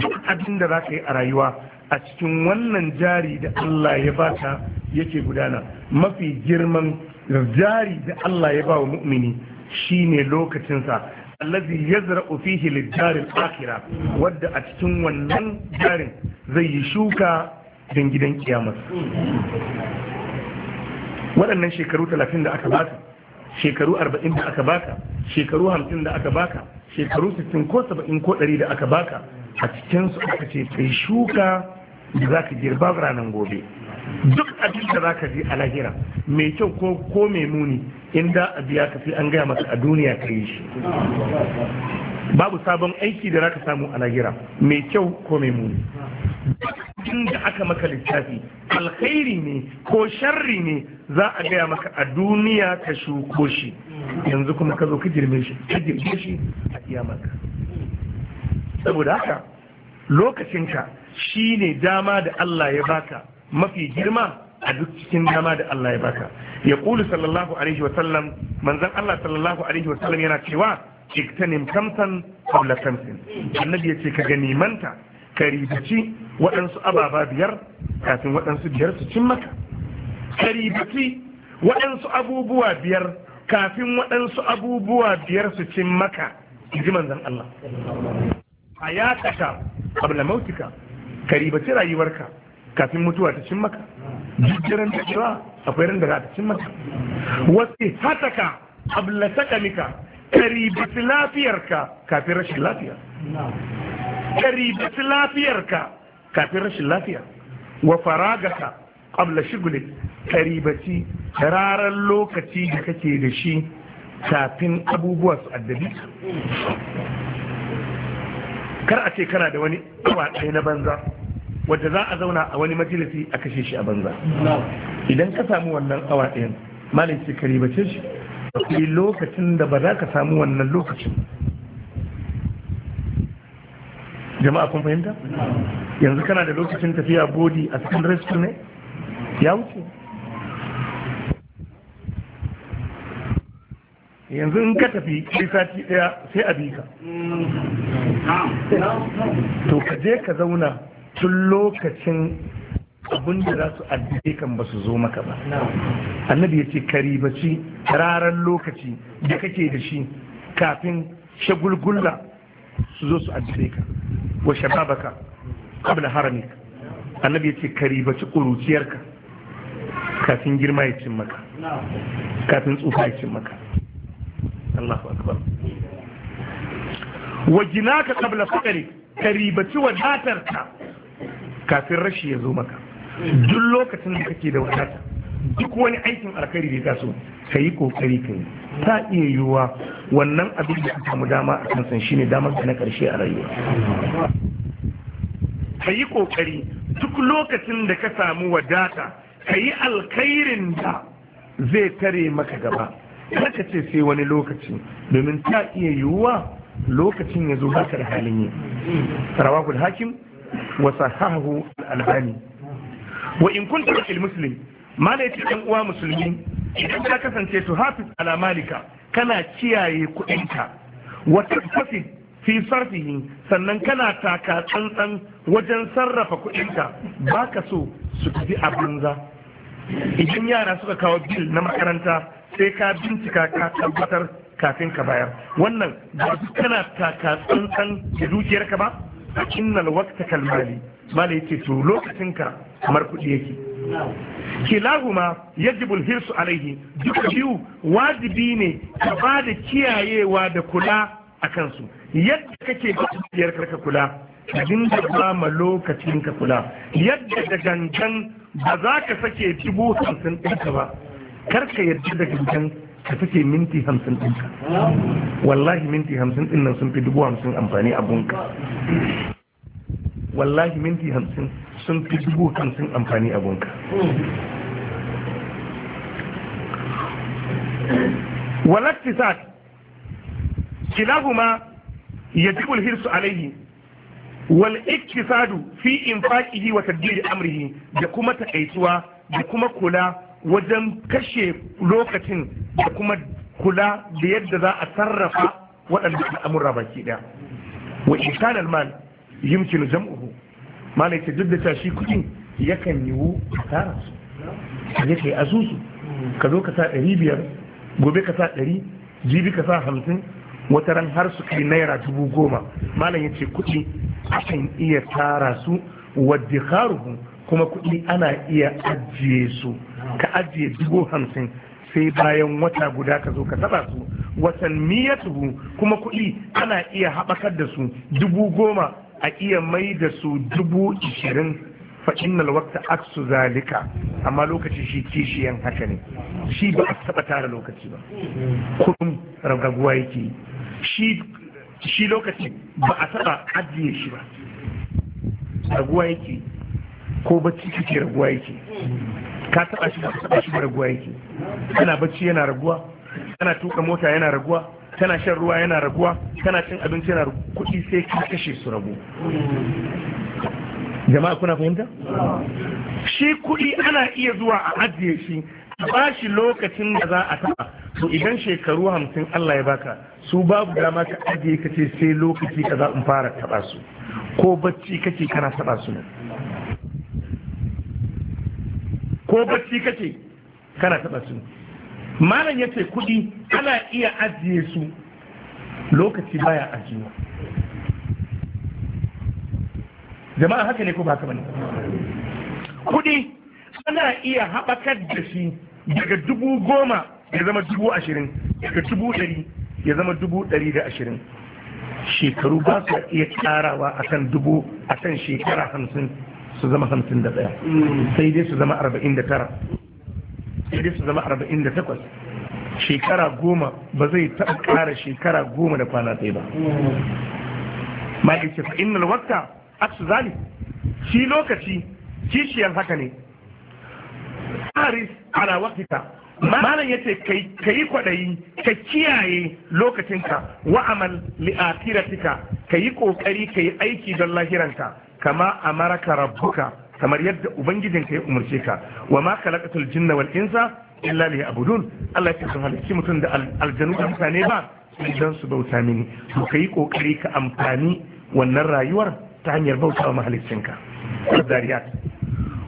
duk abin da za ka yi a rayuwa a cikin wannan jari da Allah ya baka yake gudana mafi girman jari da Allah ya ba wa mu'mini shine lokacinsa allazi yazra'u fihi lid-dar al-akhirah wadda a cikin wannan jarin zai yi shuka dan gidan kiyama waɗannan shekaru talatin da aka bata shekaru arba'in da aka baka shekaru hamsin da aka baka shekaru sittin ko saba'in ko ɗari da aka baka a cikinsu aka ce kai shuka da za ka girba ranar gobe duk abin da za ka je a lahira mai kyau ko ko mai muni in da a biya kafi an gaya maka a duniya ka yi shi babu sabon aiki da za ka samu a lahira mai kyau ko mai muni abin da aka maka littafi alkhairi ne ko sharri ne za a gaya maka a duniya ka shuko shi yanzu kuma ka zo ka girme shi ka girme shi a iya maka saboda haka lokacinka shi ne dama da Allah ya baka mafi girma a duk cikin dama da Allah ya baka ya ƙulu sallallahu alaihi wa sallam manzon Allah sallallahu alaihi wa sallam yana cewa iktanim kamsan qabla kamsin annabi yace ka ganimanta ka ribici waɗansu ababa biyar kafin waɗansu biyar su cin maka karibati waɗansu abubuwa biyar kafin waɗansu abubuwa biyar su cin maka ji manzan Allah a ya kasha abla mautika karibati rayuwarka kafin mutuwa ta cin maka jijjiran da cewa akwai ran da za ta cin maka wasu hataka abla sakamika karibati lafiyarka kafin rashin lafiya karibati lafiyarka kafin rashin lafiya wa faragata qabla shugulin karibaci rarar lokaci da kake da shi kafin abubuwa su addabi kar a ce kana da wani awa ɗaya na banza wadda za a zauna a wani majalisi a kashe shi a banza idan ka samu wannan awa ɗayan malin ce karibace shi akwai lokacin da ba za ka samu wannan lokacin jama'a kun fahimta yanzu kana da lokacin tafiya bodi a secondary school ne ya wuce yanzu in ka tafi sati daya sai a bika to ka je ka zauna tun lokacin abin da za su addike kan ba su zo maka ba annabi ya ce karibaci raran lokaci da kake da shi kafin shagulgula su zo su addike ka wa shababaka Kabla haramik annabi yace ka ribaci kuruciyarka kafin girma ya cin maka kafin tsufa ya cin maka Allahu akbar wajinaka kabla faqri ka ribaci wadatarka kafin rashi ya zo maka duk lokacin da kake da wadata duk wani aikin alkhairi da taso ka yi kokari ka yi ta iya yiwuwa wannan abin da ka samu dama a kansan shine damar ka na karshe a rayuwa ka yi ƙoƙari duk lokacin da ka samu wadata ka yi alkhairin da zai tare maka gaba ka ce sai wani lokaci domin ta iya yiwuwa lokacin ya zo haka da halin yi rawahul hakim wa sahahu al-albani wa in kunta al muslim mala yace dan uwa musulmi idan ka kasance to hafiz ala malika kana kiyaye kuɗinka wa tafasid fi sarfihi sannan kana taka tsantsan wajen sarrafa kuɗinka ba ka so su tafi a banza idan yara suka kawo bil na makaranta sai ka bincika ka tabbatar kafin ka bayar wannan ba su kana taka tsantsan da dukiyarka ba a innal wata kalmali mali yace to ka kamar kuɗi yake kilahuma yajibu hirsu alaihi duk biyu wajibi ne ka ba da kiyayewa da kula a kansu yadda kake ba dukiyar ka kula ka dinga ba ma lokacin ka kula yadda da gangan ba za ka sake dubu hamsin ɗinka ba kar ka yadda da gangan ka sake minti hamsin ɗinka wallahi minti hamsin ɗin nan sun fi dubu hamsin amfani a bunka wallahi minti hamsin sun fi dubu hamsin amfani a bunka walaktisat kilahuma ya jibu alhirsu alaihi wal iktisadu fi infaqihi wa tadbiri amrihi da kuma takaituwa da kuma kula wajen kashe lokacin da kuma kula da yadda za a sarrafa waɗannan al'amura baki ɗaya wa insan almal yumkin jam'uhu malai ta duk da tashi kuɗin yakan yiwu a tara su ya kai azuzu ka ka sa ɗari biyar gobe ka sa ɗari jibi ka sa hamsin wata ran har su kai naira dubu goma malam ya ce kuɗi akan iya tara su wadda kuma kuɗi ana iya ajiye su ka ajiye dubu hamsin sai bayan wata guda ka zo ka taɓa su watan miyatuhu kuma kuɗi ana iya haɓakar da su dubu goma a iya mai da su dubu ishirin fa innal waqta aksu zalika amma lokaci shi kishiyan haka ne shi ba a taɓa tara lokaci ba Kudin ragaguwa yake shi lokacin ba a taɓa ajiye shi ba raguwa yake ko bacci kake raguwa yake ka taba shi ba ka shi ba raguwa yake kana bacci yana raguwa kana tuka mota yana raguwa kana shan ruwa yana raguwa kana cin abinci yana raguwa kuɗi sai ka kashe su rabu jama'a kuna fahimta shi kuɗi ana iya zuwa a ajiye shi ba shi lokacin da za a taɓa to idan shekaru hamsin Allah ya baka su babu dama ka ajiye ka ce sai lokaci ka za in fara taɓa su ko bacci kake kana taɓa su ne ko bacci kake kana taɓa su malam ya ce kuɗi ana iya ajiye su lokaci baya ajiyewa jama'a haka ne ko ba haka bane kuɗi ana iya haɓakar da shi daga dubu goma ya zama dubu ashirin daga dubu ɗari ya zama dubu ɗari da ashirin shekaru ba su iya karawa kan dubu a kan shekara hamsin su zama hamsin da ɗaya sai dai su zama arba'in da tara sai dai su zama arba'in da takwas shekara goma ba zai taɓa ƙara shekara goma da kwana ɗaya ba ma ya ce fa'innal wata aksu zali shi lokaci kishiyar haka ne haris ala waktika malam ce ka yi kwadayi ka kiyaye lokacinka wa amal li akhiratika kai kokari yi aiki don lahiranka kama amaraka rabbuka kamar yadda ubangijinka ya umarce ka wa ma khalaqatul jinna wal insa illa li abudun Allah ya sun halicci mutum da aljanu da mutane ba idan su bauta mini to yi kokari ka amfani wannan rayuwar ta hanyar bauta wa mahaliccinka Dariyat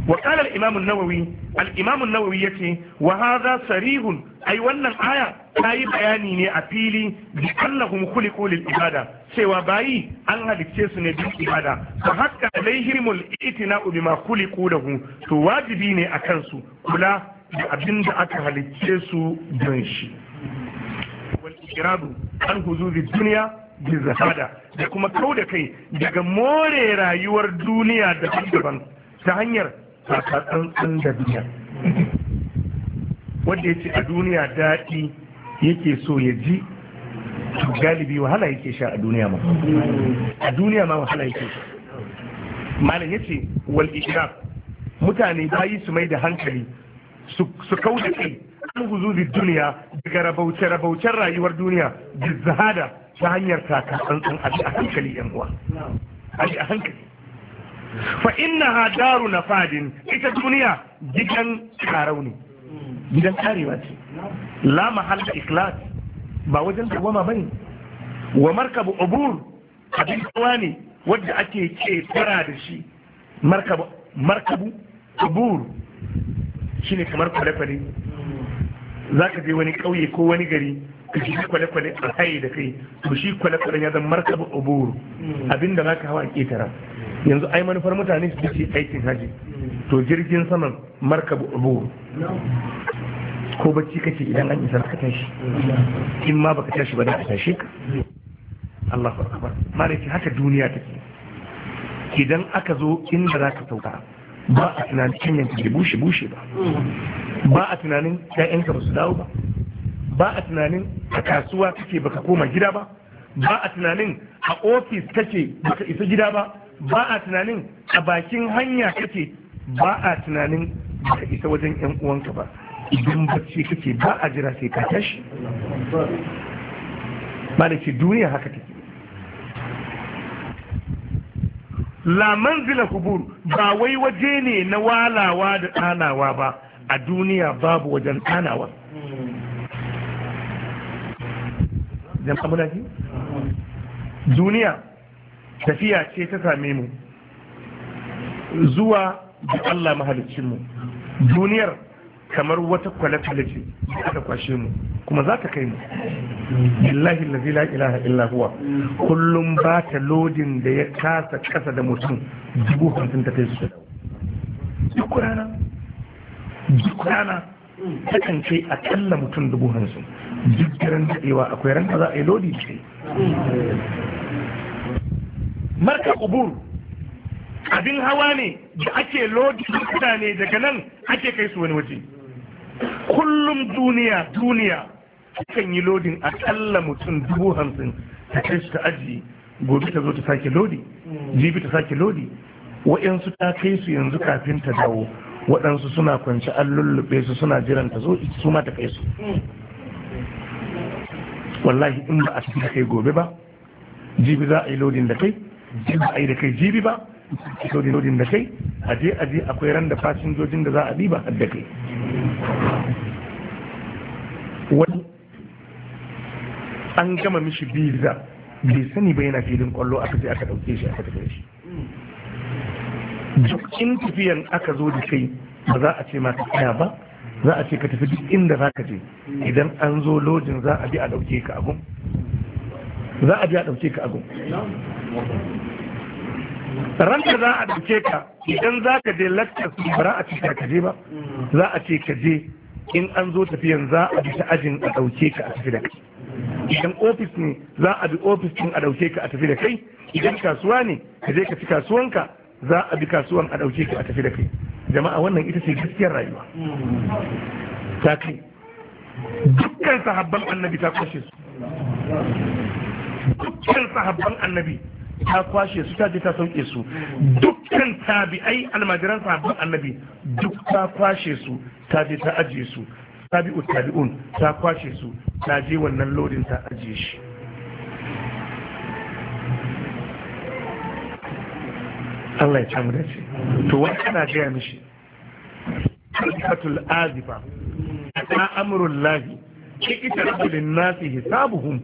وقال الإمام النووي الإمام النووي يتي وهذا صريح أي وانا الآية تاي بياني ني أبيلي بأنهم خلقوا للإبادة سوى باي أنها لكتسن بالإبادة فحتى عليهم الإئتناء بما خلقوا له تواجبيني أكنسو كلا بأبن أكها لكتسو جنشي والإجراب عن هزوز الدنيا bizahada da kuma kau da kai daga more rayuwar duniya daban-daban ta hanyar Kaka tsantsan da duniya, wanda ya ce a duniya daɗi yake so ya ji galibi wahala yake sha a duniya ma a duniya ma wahala yake sha malam ya ce wal ishraf mutane bayi su mai da hankali su kau da kai an da duniya daga rabauce-rabaucen rayuwar duniya da zahada ta hanyar kaka tsantsan a hankali yan uwa a hankali fa innaha daru nafadin ita duniya gidan karau ne gidan karewa ce la mahal da ikhlas ba wajen dawama bane wa markabu ubur abin kawa ne wadda ake ce fara da shi markabu markabu ubur shine kamar kwale-kwale za ka je wani kauye ko wani gari ka shi kwale-kwale a haye da kai to shi kwale kwale ya zama markabu ubur abinda za ka hawa tara yanzu ai manufar mutane su ce aikin haji to jirgin saman markabu abu ko bacci kake idan an isa ka tashi in ma baka tashi ba da a tashi ka Allah akbar malaki haka duniya take idan aka zo inda za ka sauka ba a tunanin canyan da bushe bushe ba ba a tunanin ƴaƴanka ba su dawo ba ba a tunanin a kasuwa kake baka koma gida ba ba a tunanin a ofis kake baka isa gida ba ba a tunanin a bakin hanya kake ba a tunanin ka isa wajen yan uwanka ba idan bacci kake ba a jira sai ka tashi ke duniya haka take la manzila kubur ba wai waje ne na walawa da ɗanawa ba a duniya babu wajen ɗanawa duniya tafiya ce ta same mu zuwa da Allah mu. duniyar kamar wata kwale-kwale ce aka kwashe mu kuma za ta kai mu billahi lazi la ilaha illa huwa kullum ba ta lodin da ya kasa kasa da mutum dubu hamsin ta kai su duk rana duk rana takan kai akalla mutum dubu hamsin duk daren daɗewa akwai ran da za a yi lodi ce marka kubur abin hawa ne da ake lodi mutane daga nan ake kai su wani waje kullum duniya duniya kan yi lodin akalla mutum dubu hamsin ta kai su ta aji gobe ta zo ta sake lodi jibi ta sake lodi wa'yansu ta kai su yanzu kafin ta dawo waɗansu suna kwanci an lullube su suna jiran ta zo su ma ta kai su wallahi in ba a cikin kai gobe ba jibi za a yi lodin da kai jin ba a yi da kai jibi ba lodin lodin da kai a je a je akwai ran da fasinjojin da za a ɗiba har da kai wani an gama mishi biza bai sani ba yana filin kwallo aka je aka ɗauke shi aka tafi shi duk in tafiyan aka zo da kai ba za a ce ma tsaya ba za a ce ka tafi duk inda za ka je idan an zo lojin za a bi a ɗauke ka abun za a bi a ɗauke ka abun Ranka za a dauke ka idan za ka je lakcas bara a cikin ka je ba za a ce ka je in an zo tafiyan za a bi ta ajin a dauke ka a tafi da kai idan ofis ne za a bi ofis din a dauke ka a tafi da kai idan kasuwa ne ka je ka ci kasuwanka za a bi kasuwan a dauke ka a tafi da kai jama'a wannan ita ce gaskiyar rayuwa ta kai dukkan sahabban annabi ta kwashe su dukkan sahabban annabi ta kwashe su ta je ta sauke su dukkan tabi'ai almajiran sahabban annabi duk ta kwashe su ta je ta ajiye su tabi'u tabi'un ta kwashe su ta je wannan lodin ta ajiye shi Allah ya samu ce to wani ana gaya mishi alfatul azifa ta amurullahi Kikita ki ita rabbil nasi hisabuhum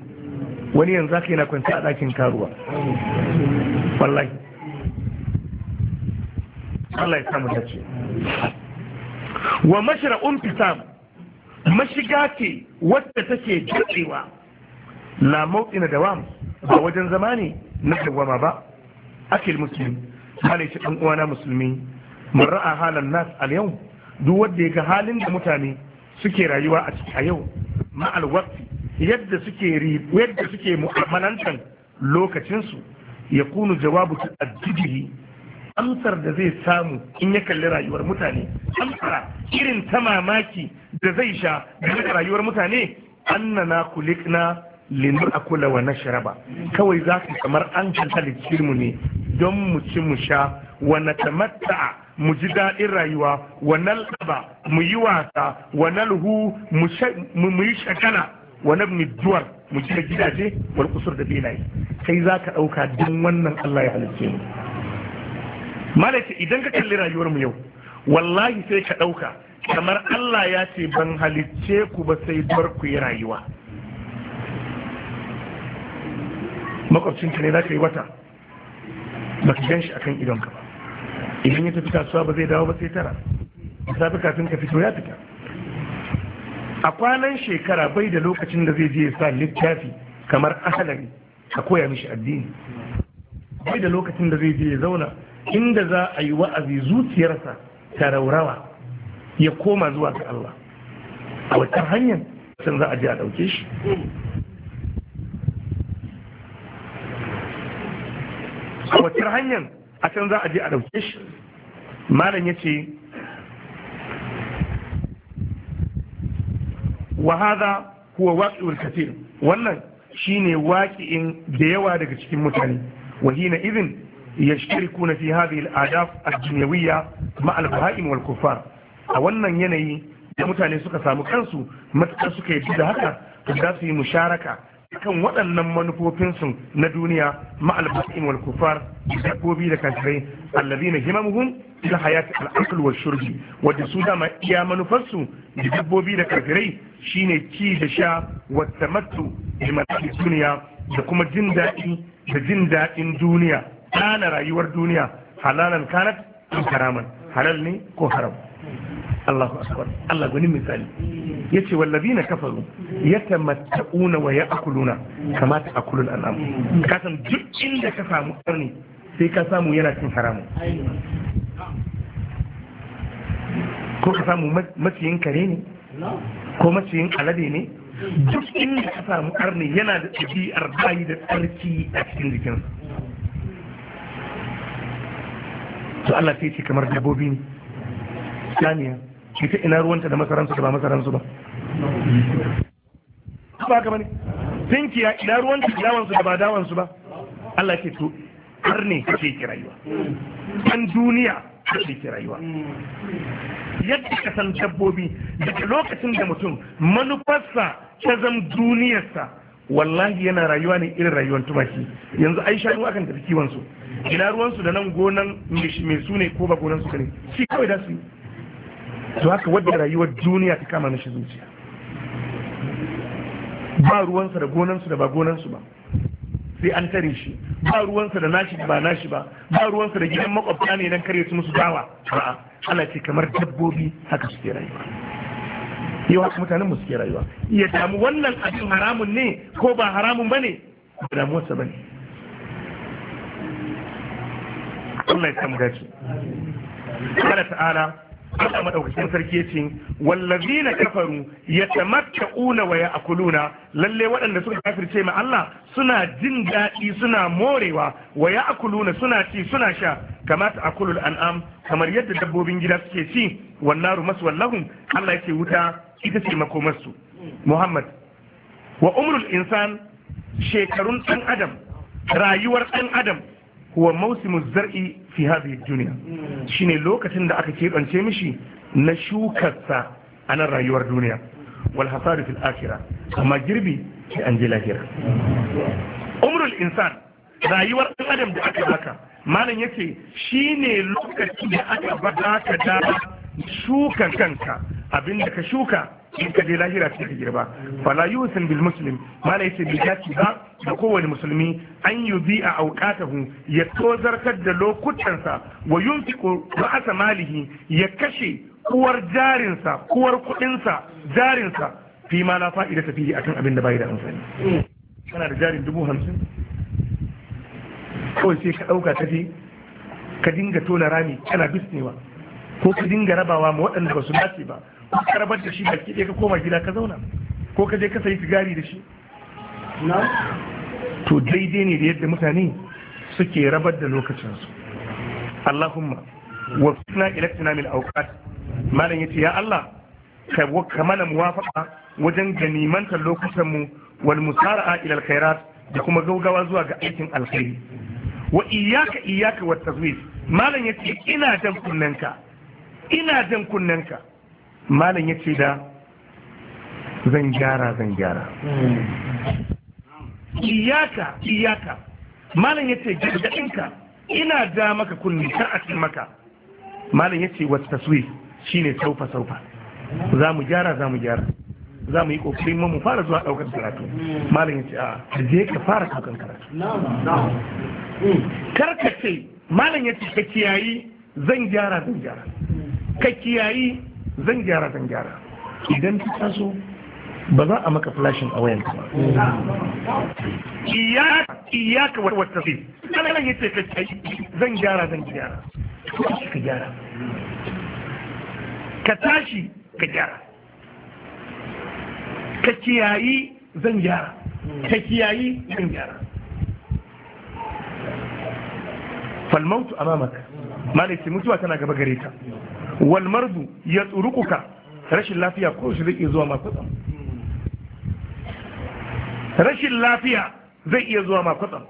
wani yanzu haka yana kwanci a ɗakin karuwa wallahi Allah ya samu dace wa mashra'un fisam mashiga ce wadda take daɗewa la na dawam ba wajen zama ne na dawama ba akil muslim halin shi ɗan uwana musulmi mun ra'a halan nas al yau duk wanda ya ga halin da mutane suke rayuwa a yau ma al waqti yadda suke yadda suke mu'amalantan lokacinsu ya kunu jawabu ta ta'addidihi amsar da zai samu in ya kalli rayuwar mutane amsara irin ta mamaki da zai sha game da rayuwar mutane annana kulikna lindur akula wa nashraba kawai za ka kamar an halicce mu ne don mu ci mu sha wa natamatta mu ji daɗin rayuwa wa nalaba mu yi wasa wa nalhu mu yi shakana wa nabni duwar mu gina gidaje wal kusur da benaye kai za ka ɗauka don wannan Allah ya halitta mu malaka idan ka kalli rayuwar mu yau wallahi sai ka ɗauka kamar Allah ya ce ban halicce ku ba sai bar ku yi rayuwa ka ne za ka yi wata baka gan shi akan idonka ba idan ya tafi kasuwa ba zai dawo ba sai tara kafin ka fito ya fita a kwanan shekara bai da lokacin da zai je ya sa littafi kamar ahalari a koya mishi addini bai da lokacin da zai je ya zauna inda za a yi wa'azi zuciyarsa ta raurawa ya koma zuwa ga Allah a wacan hanyar sun za a je a ɗauke shi a wacan hanyar a can za a je a ɗauke shi malam ya ce Wahada hadha huwa Katir wannan shine waqi'in da yawa daga cikin mutane wa hina idhin yashtarikuna fi hadhihi al-adaf ad-dunyawiyya ma al-baha'im wal kuffar a wannan yanayi da mutane suka samu kansu matakar suka yi da haka to za su yi musharaka kan waɗannan manufofinsu na duniya ma al-baha'im wal kuffar dabbobi da kafirai allazina himamuhum fil hayat al-akl wa shurbi wadda su dama iya manufarsu da dabbobi da kafirai shine ci da sha wa tamattu bi mata'i duniya da kuma jin daɗi da jin daɗin duniya ɗana rayuwar duniya halalan kanat karaman halal ne ko haram Allahu akbar Allah gwani misali yace wallazina kafaru yatamatta'una wa ya'kuluna kama ta'kulul an'am kasan duk inda ka samu karni sai ka samu yana cin haramun ko ka samu maciyin kare ne ko maciyin alade ne duk inda ka samu arni yana da ɗabi'ar bayi da tsarki a cikin jikinsa to Allah sai ce kamar dabbobi ne saniya ita ina ruwanta da masaransu da ba masaransu ba ba haka bane tinkiya ina ruwanta da dawansu da ba dawansu ba Allah ce to arni kake kirayuwa an duniya haka rayuwa hmm. yadda ka san dabbobi daga lokacin da mutum manufarsa ta zam duniyarsa wallahi yana rayuwa ne irin rayuwar tumaki yanzu ai shanu akan tafi kiwon su ina ruwansu da nan gonan mai su ne ko ba gonan su ne shi kawai da su yi to haka wadda rayuwar duniya ta kama mishi zuciya ba ruwansa da su da ba su ba sai an tare shi ba ruwansa da nashi ba nashi ba ba ruwansa da gidan makwabta ne nan kare su musu dawa a'a Allah ce kamar dabbobi haka suke rayuwa yau haka mutanen mu suke rayuwa ya damu wannan abin haramun ne ko ba haramun bane ba damuwarsa bane Allah ya samu Allah ta'ala Allah madaukakin sarki yace wallazina kafaru yatamatta'una wa ya'kuluna lalle waɗanda suka kafirce ma Allah suna jin daɗi suna morewa wa ya'kuluna suna ci suna sha kama akulul an'am kamar yadda dabbobin gida suke ci wannaru maswallahum Allah yake wuta ita ce makomarsu Muhammad wa umrul insan shekarun ɗan adam rayuwar ɗan adam huwa mausimu zar'i fi hadhihi dunya shine lokacin da aka keɓance mishi na shukarsa a nan rayuwar duniya wal hasadu fil akhirah amma girbi sai an je lahira umrul insan rayuwar ɗan adam da aka baka malam yace shine lokacin da aka baka dama shuka kanka abinda ka shuka in ka je lahira ce ka girba fala yusin bil muslim mala yace bi dace ba da kowane musulmi an yubi a auqatahu ya tozarkar da lokutansa wa yunfiqu ra'asa malihi ya kashe kuwar jarinsa kuwar kuɗinsa, jarinsa fi ma la fa'ida ta fihi akan abin da bai da amfani kana da jarin dubu hamsin kawai sai ka dauka ka dinga tona rami kana bisnewa ko ka dinga rabawa ma waɗanda ba su dace ba ko ka rabar da shi ba ke ka koma gida ka zauna ko ka je ka sayi sigari da shi to daidai ne da yadda mutane suke rabar da lokacinsu Allahumma wa fitna ilaktina min awqat malam yace ya Allah ka kamala muwafaqa wajen ganimantar lokutan mu wal musara'a ila alkhairat da kuma gaugawa zuwa ga aikin alkhairi wa iyyaka iyyaka wat tazwid malam yace ina da kunnanka ina jan kunnenka malam ya ce da zan gyara zan gyara iyaka iyaka malam ya ce gargaɗinka ina da maka kunni ta a maka malam ya ce wata taswi ne saufa saufa za mu gyara za mu gyara za mu yi kokarin mu fara zuwa daukar karatu malam ya ce a je ka fara daukan karatu karkace ce malam ce ka kiyayi zan gyara zan gyara ka kiyayi zan gyara zan gyara idan ta taso ba za a maka flashin a wayanka ba iyaka wata fi ɗanen yace ka kiyayi zan gyara zan gyara ka gyara ka tashi ka gyara ka kiyayi zan gyara ka kiyayi zan gyara falmautu a mamaka, malaisi mutuwa tana gaba gare ta walmardu ya tsurukuka rashin lafiya ko shi zai iya zuwa ma kwatsam rashin lafiya zai iya zuwa ma kwatsam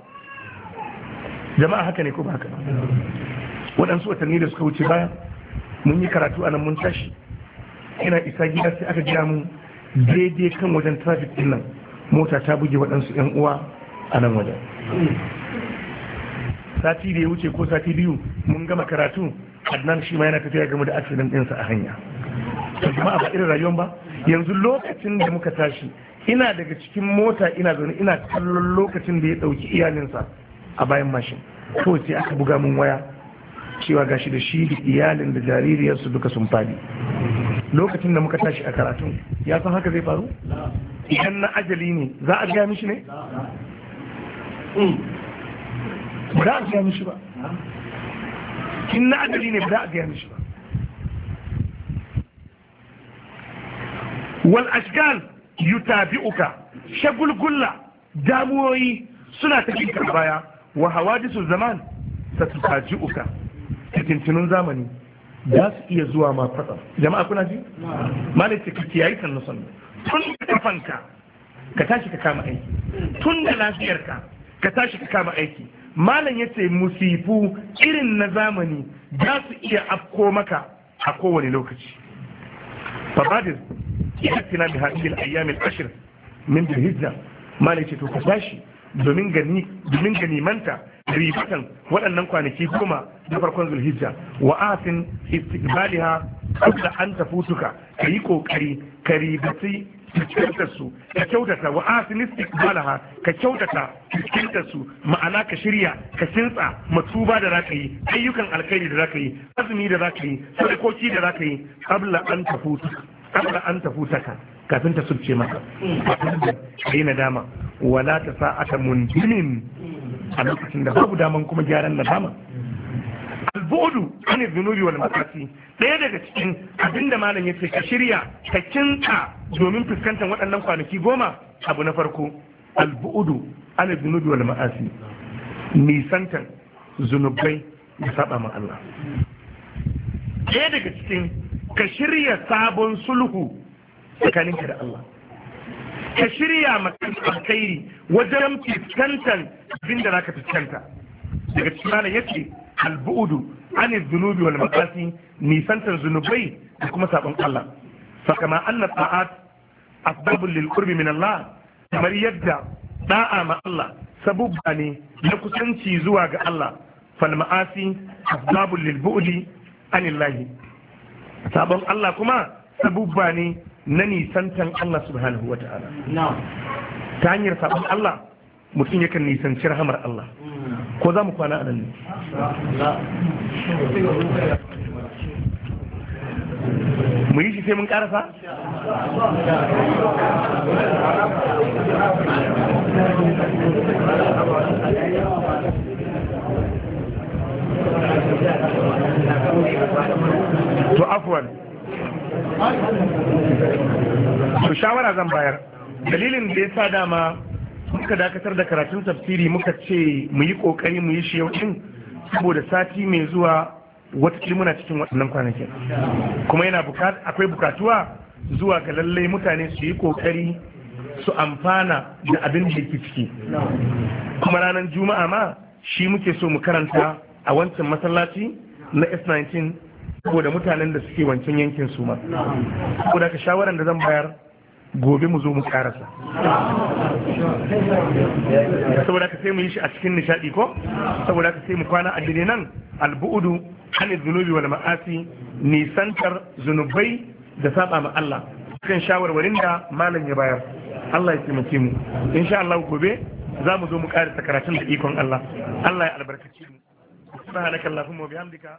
jama'a haka ne ko ba haka waɗansu watanni da suka wuce baya mun yi karatu a nan mun tashi ina isa gida sai aka gina mun daidai kan wajen trafik din nan mota ta buge waɗansu 'yan uwa a nan wajen sati da ya wuce ko sati biyu mun gama karatu sannan shi ma yana tafiya game da accident ɗinsa a hanya to jama'a ba irin rayuwar ba yanzu lokacin da muka tashi ina daga cikin mota ina zaune ina kallon lokacin da ya ɗauki iyalinsa a bayan mashin kawai sai aka buga min waya cewa gashi da shi da iyalin da jaririyarsu duka sun fadi lokacin da muka tashi a karatun ya san haka zai faru idan na ajali ne za a gaya mishi ne hmm. ba za a gaya mishi ba kin na adali ne ba za a gaya mishi ba wal ashgal yutabi'uka shagulgulla damuwoyi suna ta kinka baya wa hawadisu zaman ta uka. fitintunun zamani za su iya zuwa ma fata jama'a kuna ji malai ce kake yayi sannu sannu tun da kafanka ka tashi ka kama aiki tun da lafiyarka ka tashi ka kama aiki malam ya ce musifu irin na zamani za su iya afko maka a kowane lokaci fabadir ya tina bi hadin ayyamin ashir min bil hijja malam ya ce to ka tashi domin gani domin ganimanta ribatan waɗannan kwanaki goma na farkon zulhijja wa asin istiqbaliha qabla an tafutuka yi ƙoƙari, ka ribaci fuskantar su ka kyautata wa asilis ka kyautata fuskantar su ma'ana ka shirya ka sintsa matuba da zaka yi ayyukan alkhairi da zaka yi azumi da zaka yi sadakoki da zaka yi qabla an tafuta qabla an ka kafin ta sulce maka kai nadama wala ta sa'ata mundinin a lokacin da babu daman kuma gyaran nadama albudu an zunubi wal makasi Daya daga cikin abinda malam yace ka shirya ka kinta domin fuskantar waɗannan kwanaki goma abu na farko albudu an zunubi wal makasi nisantan zunubai da saba ma Allah Daya daga cikin ka shirya sabon sulhu tsakaninka da Allah ka shirya makan alkhairi wajen fuskantar abin da zaka fuskanta daga cikin malam yace albu'udu an zunubi wal maqasi nisantar zunubai da kuma sabon Allah fakama anna ta'at asbabul lil qurbi min Allah kamar yadda da'a ma Allah sabubba ne na kusanci zuwa ga Allah fal ma'asi asbabul lil bu'di anillahi sabon Allah kuma sabubba ne na nisantan Allah subhanahu wa ta'ala ta hanyar sabon Allah mutum yakan nisanci rahamar Allah mm. ko za mu kwana a nan mu yi shi sai mun karasa? to afuwan to shawara zan bayar dalilin da ya sa dama muka dakatar da karatun tafsiri muka ce mu yi kokari mu yi shi yau din saboda sati mai zuwa wata muna cikin waɗannan kwanakin kuma yana akwai bukatuwa zuwa ga lallai mutane su yi kokari su amfana da abin da yake ciki kuma ranar juma'a ma shi muke so mu karanta a wancan masallaci na s19 saboda mutanen da suke wancan yankin suma. ma saboda ka shawaran da zan bayar gobe mu zo mu karasa saboda ka sai mu yi shi a cikin nishadi ko saboda ka sai mu kwana a dire nan albu'udu hanin zunubi wal ma'asi nisantar zunubai da saba ma Allah kan shawarwarin da malam ya bayar Allah ya taimake mu insha Allah gobe za mu zo mu karasa karatun da ikon Allah Allah ya albarkaci mu subhanakallahumma wa bihamdika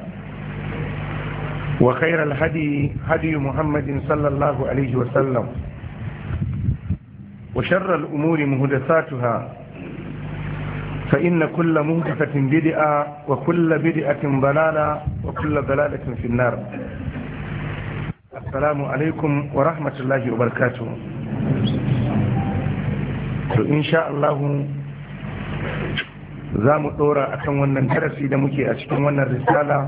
وخير الهدي هدي محمد صلى الله عليه وسلم وشر الأمور مهدساتها فإن كل مهدفة بدئة وكل بدئة ضلالة وكل ضلالة في النار السلام عليكم ورحمة الله وبركاته إن شاء الله za mu ɗora a kan wannan darasi da muke a cikin wannan risala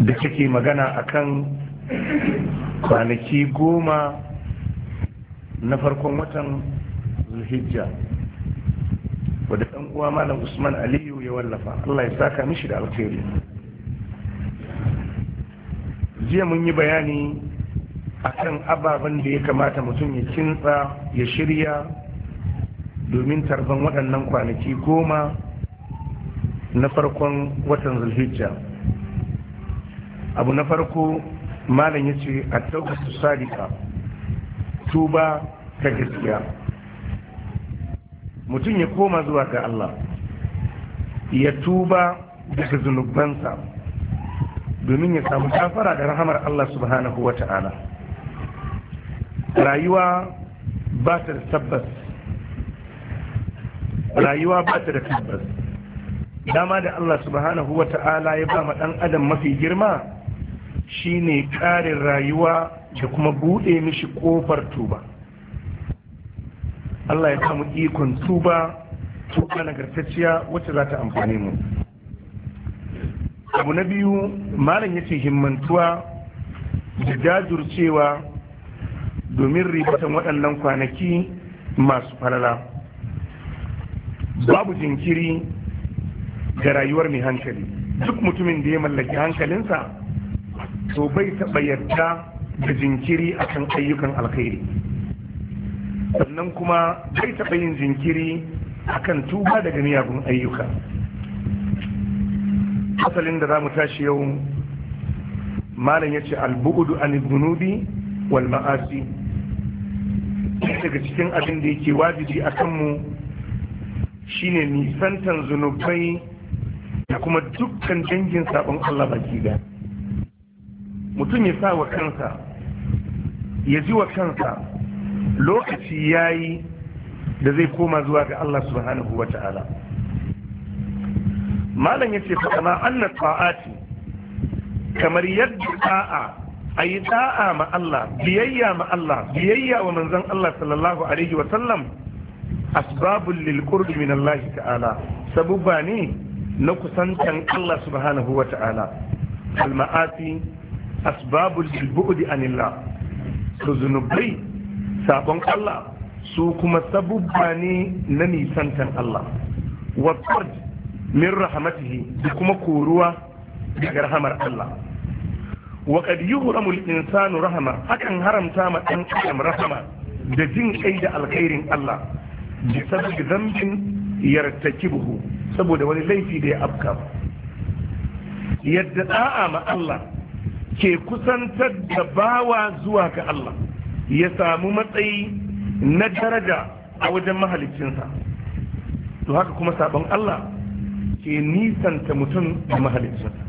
da kake magana a kan kwanaki goma na farkon watan zulhijja wadda ɗan uwa malam usman aliyu ya wallafa allah ya saka mishi da alkhairi jiya mun yi bayani a kan ababen da ya kamata mutum ya kintsa ya shirya domin tarban waɗannan kwanaki goma na farkon watan zulhijja abu na farko malam ya ce a su sadika tuba ta gaskiya mutum ya koma zuwa ga Allah ya tuba daga zunubansa domin ya samu kafara da rahamar Allah subhanahu wa ta'ala rayuwa ba ta da tabbas rayuwa ba ta da tabbas dama da Allah subhanahu wa ta'ala ya ba ma ɗan adam mafi girma Shi ne ƙarin rayuwa da kuma buɗe mishi ƙofar tuba Allah ya kamu ikon tuba tuba nagartacciya wacce za ta amfani mu abu na biyu malam ya ce himmantuwa da jajircewa domin ribatan waɗannan kwanaki masu falala babu jinkiri ga rayuwar mai hankali duk mutumin da ya mallaki hankalinsa to bai taɓa yadda da jinkiri akan ayyukan alkhairi sannan kuma bai taɓa yin jinkiri akan tuba daga miyagun ayyuka asalin da za mu tashi yau malam ya ce albu'udu an zunubi wal ma'asi daga cikin abin da yake wajibi a kanmu shine nisantan zunubai da kuma dukkan dangin sabon Allah baki da. mutum ya sa wa kansa ya ji wa kansa lokaci ya yi da zai koma zuwa ga Allah subhanahu wa ta'ala malam ya ce faɗama annan ta'ati kamar yadda ta'a a yi ta'a ma Allah biyayya ma Allah biyayya wa manzon Allah sallallahu alaihi wa sallam asbabul lil min Allah ta'ala sabubba ne na kusantan Allah subhanahu wa ta'ala al ma'asi asbabul bu'di anillah su zunubai sabon Allah su kuma sabubba ne na nisantan Allah wa min rahmatihi da kuma koruwa daga rahamar Allah wa qad yuhramu al-insanu rahama akan haramta ma dan adam rahama da jin kai da alkhairin Allah bi sababi dhanbin yartakibuhu saboda wani laifi da ya afka yadda da'a ma Allah ke kusantar da bawa zuwa ga Allah ya samu matsayi na daraja a wajen mahalicinsa to haka kuma sabon Allah ke nisanta mutum da mahalicinsa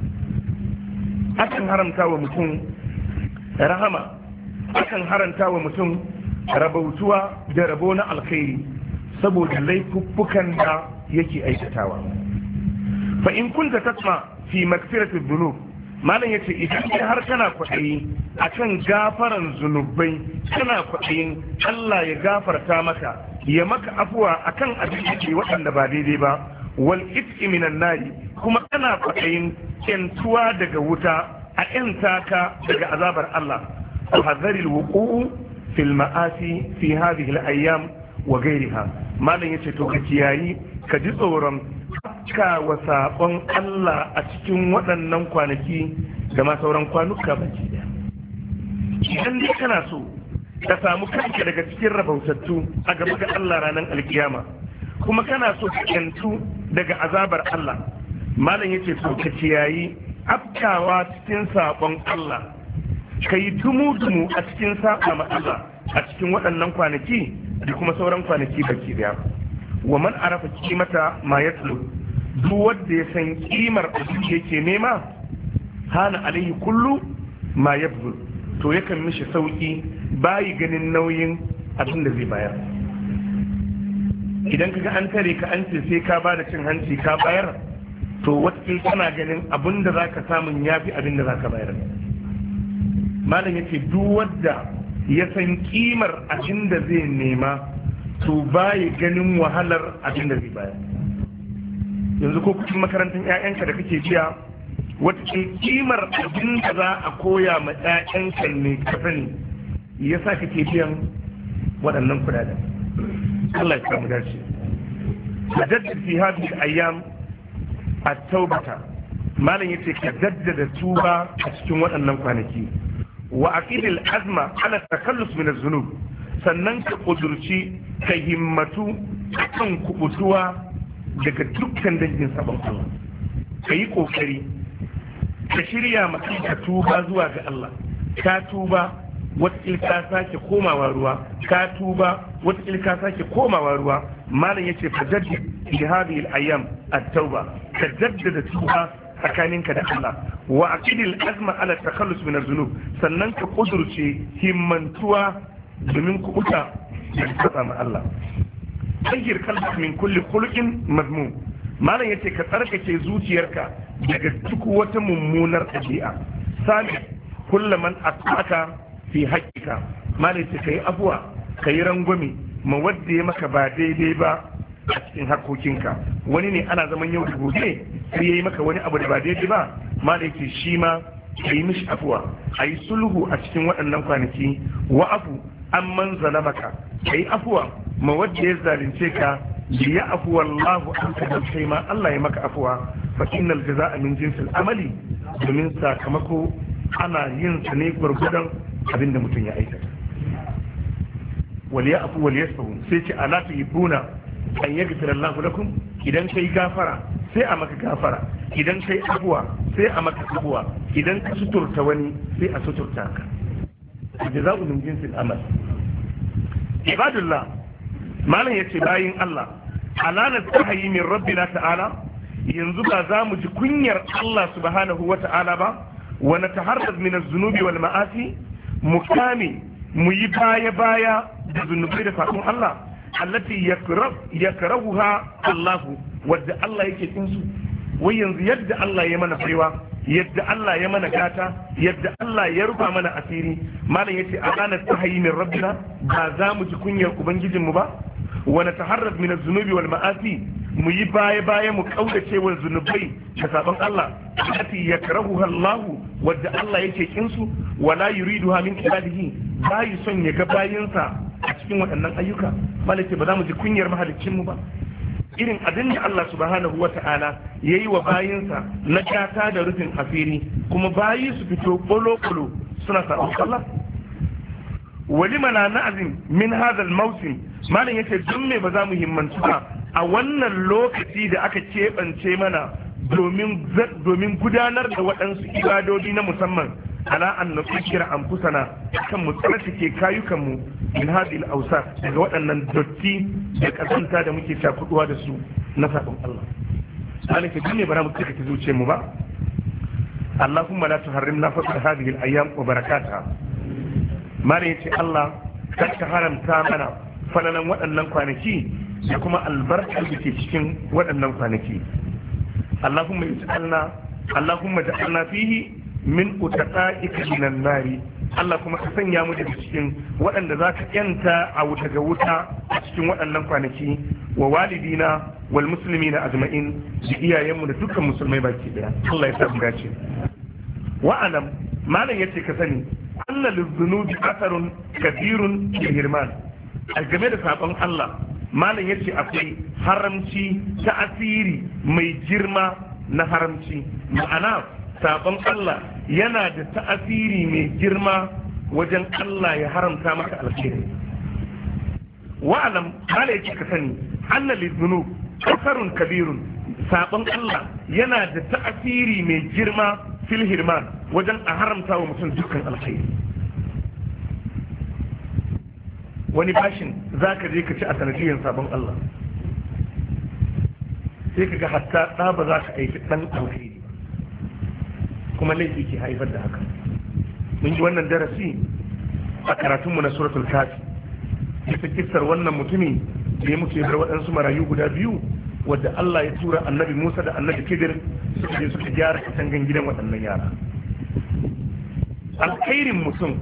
akan haramta wa mutum rahama akan haramta wa mutum rabautuwa da rabo na alkhairi saboda laifuffukan da yake aikatawa fa in kunta tasma fi magfirati dhunub malam ya ce idan har kana kwaɗayi a kan gafaran zunubai kana kwaɗayin Allah ya gafarta maka ya maka afuwa a kan abin da ke waɗanda ba daidai ba wal minan nari kuma kana kwaɗayin kyantuwa daga wuta a 'yan taka daga azabar Allah ku hazari wuqu'u fil ma'asi fi hadhihi al ayyam wa ghayriha malam yace to ka kiyayi ka ji tsoron cika wa saƙon Allah a cikin waɗannan kwanaki da ma sauran kwanuka baki daya idan dai kana so ka samu kanka daga cikin rabautattu a gaba ga Allah ranar alkiyama kuma kana so ka yantu daga azabar Allah malam yace ce, ka ciyayi afkawa cikin saƙon Allah ka yi dumu-dumu a cikin saƙon Allah a cikin waɗannan kwanaki da kuma sauran kwanaki baki daya wa man arafa kimata ma yatlu duk wadda ya san kimar abin da yake nema hana alaihi kullu ma yabzul to yakan mishi sauki bayi ganin nauyin abin da zai bayar idan kaga an tare ka an sai ka ba da cin hanci ka bayar to wata kana ganin abin da zaka samun yafi abin da zaka bayar malam yace duk wadda ya san kimar abin da zai nema to bayi ganin wahalar abin da zai baya. yanzu ko kucin makarantar 'ya'yanka da kake biya wata kimar abin da za a koya ma 'ya'yanka ne kasan ya sa kake biyan waɗannan kudaden Allah ya samu dace a jaddada fi hadin ayyam a taubata malam ya ce ka jaddada tuba a cikin waɗannan kwanaki wa aqidil azma ala takallus min az-zunub sannan ka ƙudurci ka himmatu kan kubutuwa daga dukkan dangin sabon ka yi ƙoƙari ka shirya maka ka tuba zuwa ga Allah ka tuba wata ka sake komawa ruwa ka tuba wata ka sake komawa ruwa malam yace fa jaddi li hadhihi al-ayyam at-tauba ka jaddada tuba tsakaninka da Allah wa aqidil azma ala takhallus min zunub sannan ka kudurce himmantuwa domin kuta da katsa ma Allah tahir kalba min kulli khuluqin mazmum malam yace ka tsarkake zuciyarka daga duk wata mummunar ɗabi'a sami man asaka fi hakika. malam yace kai afuwa kai rangwame ma wadda ya maka ba daidai ba a cikin hakokinka wani ne ana zaman yau da gobe sai yayi maka wani abu da ba daidai ba malam yace shi ma a yi mishi afuwa a sulhu a cikin waɗannan kwanaki wa An man zalamaka kai afuwa ma wadda ya zalunce ka ya afuwa Allah anka ka kai ma Allah ya maka afuwa fa innal jazaa min jinsil amali domin sakamako ana yin sa ne gurgudan abinda mutum ya aikata wal ya'fu wal yasfu sai ce ala tuhibbuna an yaghfira Allah lakum idan kai gafara sai a maka gafara idan kai afuwa sai a maka afuwa idan ka suturta wani sai a suturta ka jaza'u min jinsil amal ibadullah malam ce bayin Allah alana tahayi min rabbina ta'ala yanzu ba za mu ji kunyar Allah subhanahu wa ta'ala ba wa nataharraz min zunubi wal ma'asi mu kame mu yi baya baya da zunubai da faɗin Allah allati yakrahu yakrahuha Allah wadda Allah yake kinsu wai yanzu yadda Allah ya mana baiwa yadda Allah ya mana gata yadda Allah ya rufa mana asiri malam yace alana tahayi min rabbina ba za mu ji kunyar ubangijin mu ba wa nataharrab min az-zunubi wal ma'asi mu yi baya baya mu kaudace wa zunubai da saban Allah ya yakrahuha Allah wadda Allah yake kin su wala yuriduha min ibadihi ba yi son ya ga bayinsa a cikin waɗannan ayyuka malaka ba za mu ji kunyar mahaliccin mu ba irin abin da Allah subhanahu wa ta'ala ya yi wa bayinsa na kyata da rufin asiri kuma bayi su fito kolo-kolo suna sa Allah walima na na'azin min hadal mausin malam yace don me ba za mu himmantu ba a wannan lokaci da aka keɓance mana domin gudanar da waɗansu ibadodi na musamman ala an nukira anfusana kan mu tsarkake kayukanmu mu min hadil daga waɗannan dotti da kasanta da muke takuduwa da su na sabon Allah alaka duk ne bara mu tsarkake zuciyar mu ba Allahumma la na fadl da al-ayyam wa barakata. mare ya ce Allah kar ka haramta mana falalan waɗannan kwanaki da kuma albarkar da ke cikin waɗannan kwanaki Allahumma yaj'alna Allahumma ja'alna fihi min utaqa'ika minan nari Allah kuma ka sanya mu daga cikin waɗanda za ka yanta a wuta ga wuta a cikin waɗannan kwanaki wa walidina wal na ajma'in da iyayenmu da dukkan musulmai baki ɗaya. Allah ya sa gace. Wa'anam, malam ya ce ka sani anna lizunubi asarun kabirun lil hirman a game da sabon Allah malam ce akwai haramci ta asiri mai girma na haramci ma'ana sabon Allah yana da ta'asiri mai girma wajen Allah ya haramta maka alkhairi wa'alam kala yake ka sani anna lizunu kasarun kabirun sabon Allah yana da ta'asiri mai girma fil hirman wajen a haramta wa mutum dukkan alkhairi wani bashin za ka je ka ci a sanadiyar sabon Allah sai ka ga hatta ɗa ba za ka aiki ɗan alkhairi kuma laifi ke haifar da haka mun ji wannan darasi a karatunmu na suratul kafi bisa kissar wannan mutumi da ya mutu bar waɗansu marayu guda biyu wadda Allah ya tura annabi Musa da annabi Kidir suka je suka gyara katangan gidan waɗannan yara alkhairin mutum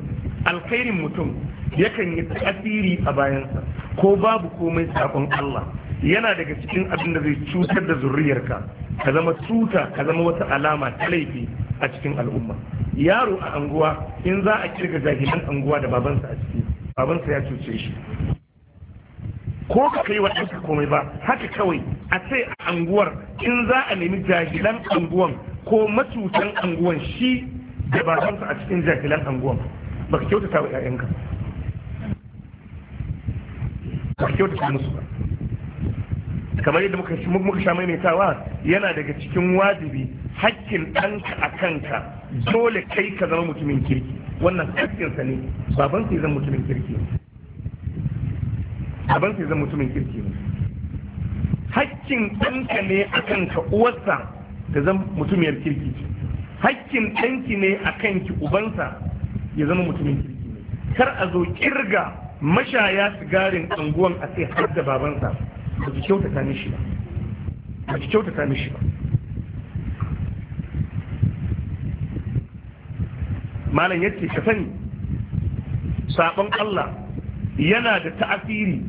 alkhairin mutum yakan yi tasiri a bayansa ko babu komai sakon Allah yana daga cikin abin da zai cutar da zurriyarka ka zama tuta ka zama wata alama ta laifi a cikin al'umma yaro a anguwa in za a kirga jahilan anguwa da babansa a ciki babansa ya cuce shi ko ka kai wa ɗanka komai ba haka kawai a ce a anguwar in za a nemi jahilan anguwan ko matutan anguwan shi da babansa a cikin jahilan anguwan baka kyautata wa 'ya'yanka baka kyautata musu ba kamar yadda muka sha maimaitawa yana daga cikin wajibi hakkin ɗanka a kanka dole kai ka zama mutumin kirki wannan hakkinsa ne baban sai zama mutumin kirki ne baban sai zama mutumin kirki ne hakkin ɗanka ne a kanka uwarsa da zama mutumiyar kirki hakkin ɗanki ne a kanki ubansa ya zama mutumin kirki ne kar a zo kirga mashaya sigarin anguwan a sai har da babansa ba kyautata mishi ba ba kyautata mishi ba malam yace ka sani sabon Allah yana da ta'asiri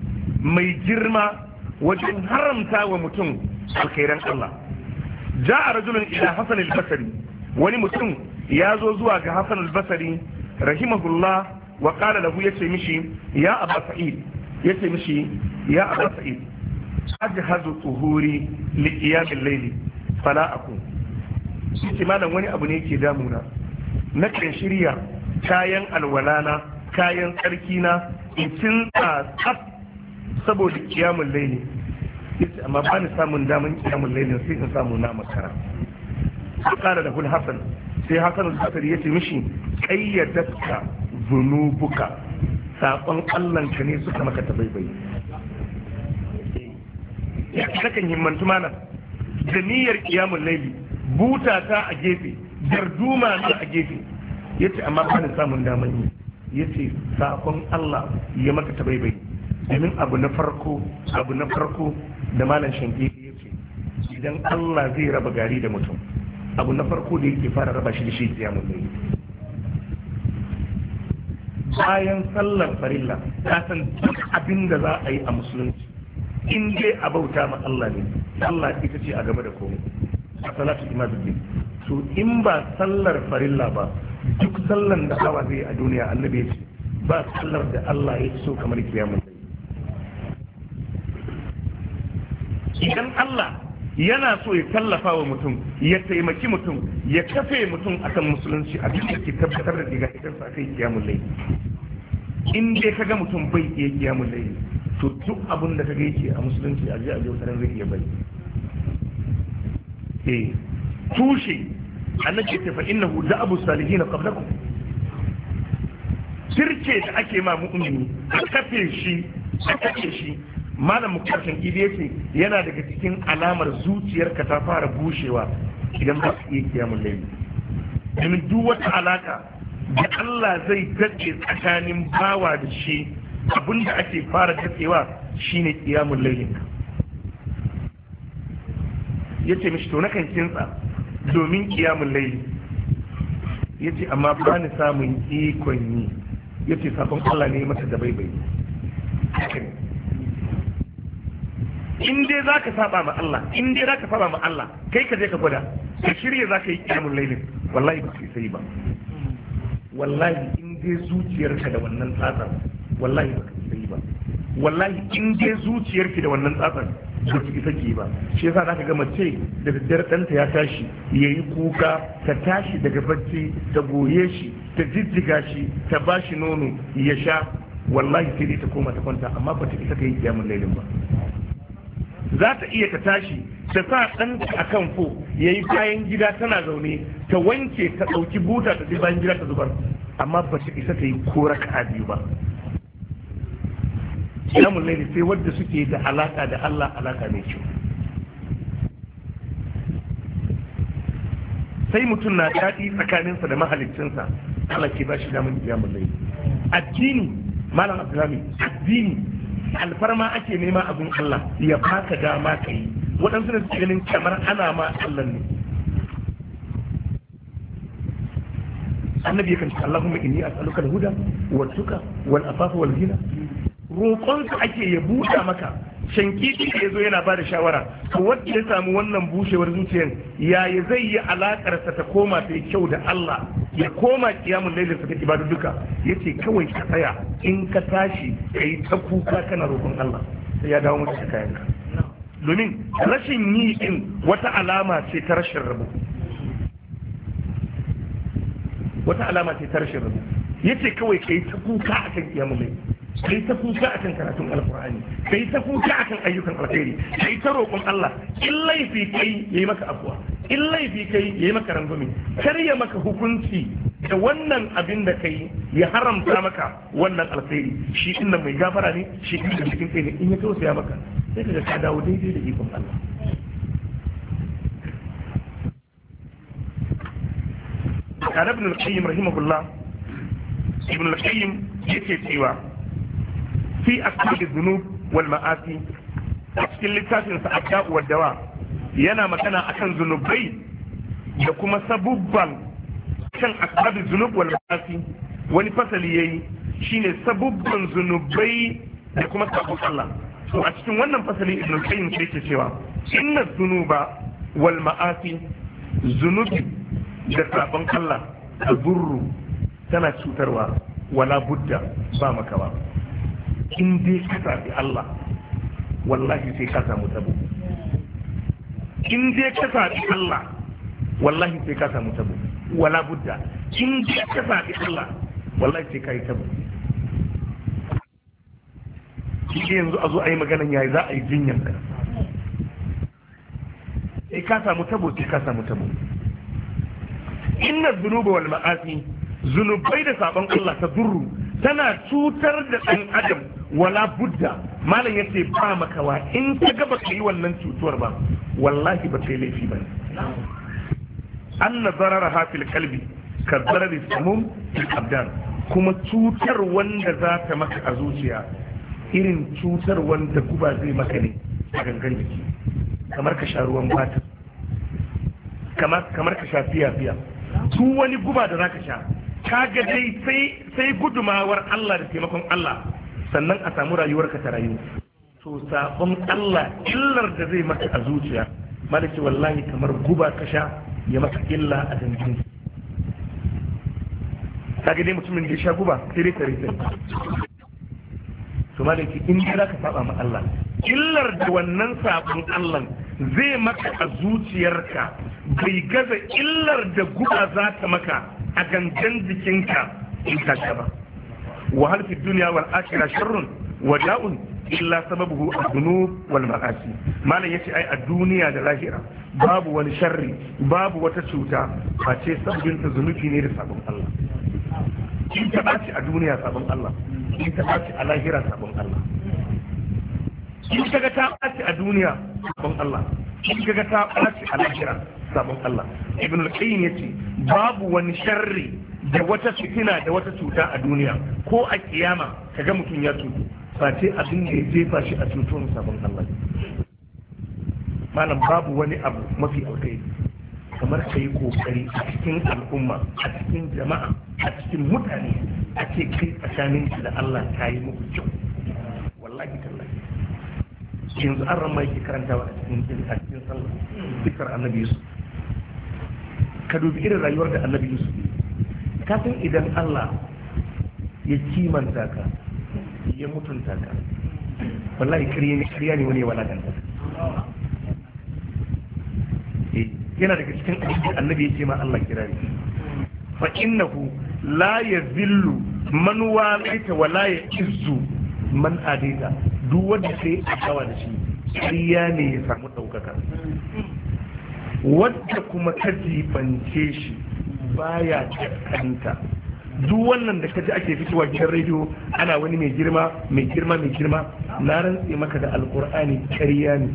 mai girma wajen haramta wa mutum alkhairan Allah ja'a rajulun ila Hassan al-Basri wani mutum ya zo zuwa ga Hassan al-Basri rahimahullah wa qala lahu yace mishi ya Abba Sa'id yace mishi ya Abba Sa'id ajhazu tuhuri li qiyamil layli fala akun shi malam wani abu ne ke damuna na kan shirya kayan alwalana kayan tsarkina in cin tsaf saboda kiyamun laili yace amma ba ni samun daman kiyamun laili sai in samu na makara kara da hasan sai hasan ya yace mishi kayyadaka zunubuka sakon Allah ka ne suka maka tabaibai ya nakan himmantu mana, da niyyar kiyamun laili buta ta a gefe darduma na a gefe yace amma ba samun daman yi yace sakon Allah ya maka tabaibai domin abu na farko abu na farko da malam shanke yace idan Allah zai raba gari da mutum abu na farko da yake fara raba shi da shi kiyamun laili bayan sallar farilla ka san duk abin da za a yi a musulunci in dai a bauta ma Allah ne Allah ita ce a gaba da komai a salatu imazuddin so in ba sallar farilla ba duk sallar da hawa zai a duniya annabi ya ce ba sallar da Allah ya so kamar kiyamun idan Allah yana so ya tallafa wa mutum ya taimaki mutum ya kafe mutum akan musulunci a duk da ke tabbatar da diga idan sa kai kiyamun zai in dai kaga mutum bai iya kiyamun zai to duk abin da ka yake a musulunci a ji a jiya sanar zai iya bai eh tushe annabi ce fa innahu da'abu salihin qablakum sirce da ake ma mu'mini a kafe shi a kafe shi malam mukarshen idi yace yana daga cikin alamar zuciyarka ta fara bushewa idan ba su iya kiyamun laifi domin duk wata alaka da Allah zai dace tsakanin bawa da shi abin da ake fara datsewa shine qiyamul ya ce mishi to kan kintsa domin qiyamul laili ce amma ba ni samun ikon yi Ya ce sabon Allah ne mata da bai in dai za ka saba ma Allah in dai za ka saba ma Allah kai ka je ka gwada ka shirya za ka yi kiyamun lailin wallahi ba sai ba wallahi in dai zuciyarka da wannan tsatsar wallahi ba ka yi ba wallahi in dai zuciyarki da wannan tsatsan ba ki isa ki ba shi yasa zaka ga mace da daddare ɗanta ya tashi yayi kuka ta tashi daga bacci ta goye shi ta jijjiga shi ta bashi nono ya sha wallahi sai dai ta koma ta kwanta amma ba ta isa ka yi kiyamun lailin ba za ta iya ta tashi ta sa ɗanta a kan fo ya yi kayan gida tana zaune ta wanke ta ɗauki buta ta bayan gida ta zubar amma ba ta isa ta yi ko raka biyu ba kiyamun laili sai wadda suke da alaka da Allah alaka mai kyau sai mutum na daɗi tsakaninsa da mahaliccinsa, Allah ke ba shi damar kiyamun laili addini malam abdulami addini alfarma ake nema abin Allah ya baka dama ka yi waɗansu da suke ganin kamar ana ma Allah ne annabi yakan ce Allahumma inni as'aluka al-huda wal tuqa wal afafa wal ghina roƙonsa ake ya buɗa maka shankiki da ya zo yana ba da shawara to wanda ya samu wannan bushewar zuciyar yaya zai yi alaƙarsa ta koma ta kyau da Allah ya koma kiyamun sa ta ibadu duka ya ce kawai ka tsaya in ka tashi ka yi ta kuka kana roƙon Allah sai ya dawo maka kayan ka domin rashin yi in wata alama ce ta rashin rabu wata alama ce ta rashin rabu yace kawai ka yi ta kuka akan kiyamun laifin kai ta kuka akan karatun alkur'ani kai ta kuka akan ayyukan alkhairi kai ta roƙon Allah in laifi kai yayi maka afuwa in laifi kai yayi maka rangwame kar ya maka hukunci da wannan abin da kai ya haramta maka wannan alkhairi shi inda mai gafara ne shi inda da cikin kai ne in ya tausaya maka sai kaga ka dawo daidai da ikon Allah Kana قال ابن القيم رحمه Ibn ابن القيم يكتب cewa fi asbabi dhunub wal ma'asi a cikin littafin sa abda'u yana magana akan zunubai da kuma sabubban kan asbabi dhunub wal ma'asi wani fasali yayi shine sabubban zunubai da kuma sabu Allah to a cikin wannan fasali ibn qayyim sai ke cewa inna dhunuba wal ma'asi zunubi da sabon Allah azurru tana cutarwa wala budda ba makawa in dai ka zaɓi Allah wallahi sai ka samu tabo in dai ka zaɓi Allah wallahi sai ka samu tabo wala budda in dai ka zaɓi Allah wallahi sai ka yi tabo shi yanzu a zo a yi maganan yayi za a yi jinyar ka sai ka samu tabo sai ka samu tabo inna zunuba wal ma'asi zunubai da sabon Allah ta durru tana cutar da ɗan adam wala budda malam ya ce ba makawa in ka gaba ka yi wannan cutuwar ba wallahi ba ta yi laifi ba an na zarara hafil kalbi ka zarari samun abdar. kuma cutar wanda za ta maka a zuciya irin cutar wanda guba zai maka ne a gangan jiki kamar ka sha ruwan bata kamar ka sha fiya fiya su wani guba da za ka sha ka ga dai sai gudumawar Allah da taimakon Allah sannan a samu rayuwarka ta rayu to sabon Allah illar da zai maka a zuciya malaki wallahi kamar guba ka sha ya maka illa a dangin ga dai mutumin da ya sha guba tare tare tare to malaki in ka ka saba ma Allah illar da wannan sabon Allah zai maka a zuciyarka bai gaza illar da guba za ta maka a gangan jikinka in ka ba wa hal fi dunya wal akhirah sharrun wa da'un illa sababuhu adunub wal ma'asi malam yace ai a duniya da lahira babu wani sharri babu wata cuta face sabbin ta zunubi ne da sabon Allah in ta a duniya sabon Allah in ta ɓaci a sabon Allah ta a duniya sabon Allah ta a lahira sabon Allah ibn al-qayyim yace babu wani sharri da wata fitina da wata cuta a duniya ko a kiyama kaga mutum ya tutu face abin da ya jefa shi a cutuwar sabon Allah malam babu wani abu mafi alkhairi kamar ka yi kokari a cikin al'umma a cikin jama'a a cikin mutane a ce kai tsakanin shi da Allah ta yi muku kyau wallahi tallahi yanzu an ramai ke karantawa a cikin a cikin sallah zikar annabi yusuf ka dubi irin rayuwar da annabi yusuf ka san idan allah ya kimanta ka ya mutunta ka wallahi kariya ne kariya ne wani wala kan eh, yana daga cikin abin annabi ya ce ma allah kira ne fa innahu la Zillu man walaita wa la Izzu man adaita duk wanda sai a kawa da shi kariya ne ya samu daukaka wadda kuma ka jibance shi baya kaskanta duk wannan da kaji ake fitowa gidan rediyo ana wani mai girma mai girma mai girma na rantse maka da alkur'ani karya ne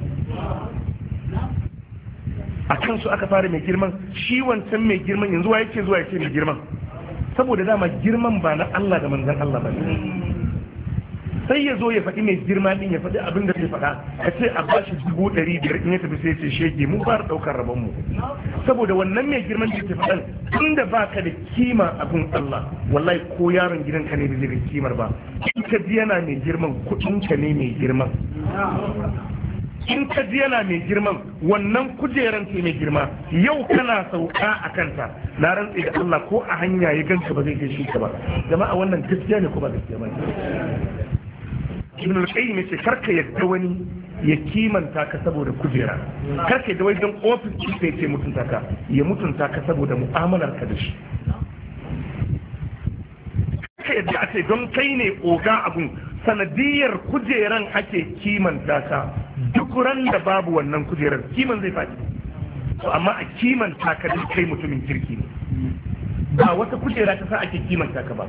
a kan su aka fara mai girman shi wancan mai girman yanzu wa yake zuwa yake mai girman saboda dama girman ba na Allah da manzan Allah ba ne sai ya zo ya faɗi mai girma ɗin ya faɗi abin da zai faɗa ka ce a bashi dubu ɗari biyar in ya tafi sai ce shege mun fara ɗaukar rabon mu saboda wannan mai girman da ke faɗan tun da ba ka da kima abin Allah wallahi ko yaron gidan ka ne da kimar ba in ka ji yana mai girman kuɗin ka ne mai girman in ka ji yana mai girman wannan kujeran ce mai girma yau kana sauka a kanta na rantse da Allah ko a hanya ya ganka ba zai gaishe ka ba jama'a wannan gaskiya ne ko ba gaskiya ba ibn al-qayyim yace karka yadda wani ya kimanta ka saboda kujera karka yadda wani don ofis sai ce mutunta ka ya mutunta ka saboda mu'amalar ka da shi karka yadda a ce don kai ne oga abun sanadiyar kujeran ake kimanta ka duk ran da babu wannan kujerar kiman zai faɗi amma a kimanta ka kai mutumin kirki ne ba wata kujera ta sa ake kimanta ka ba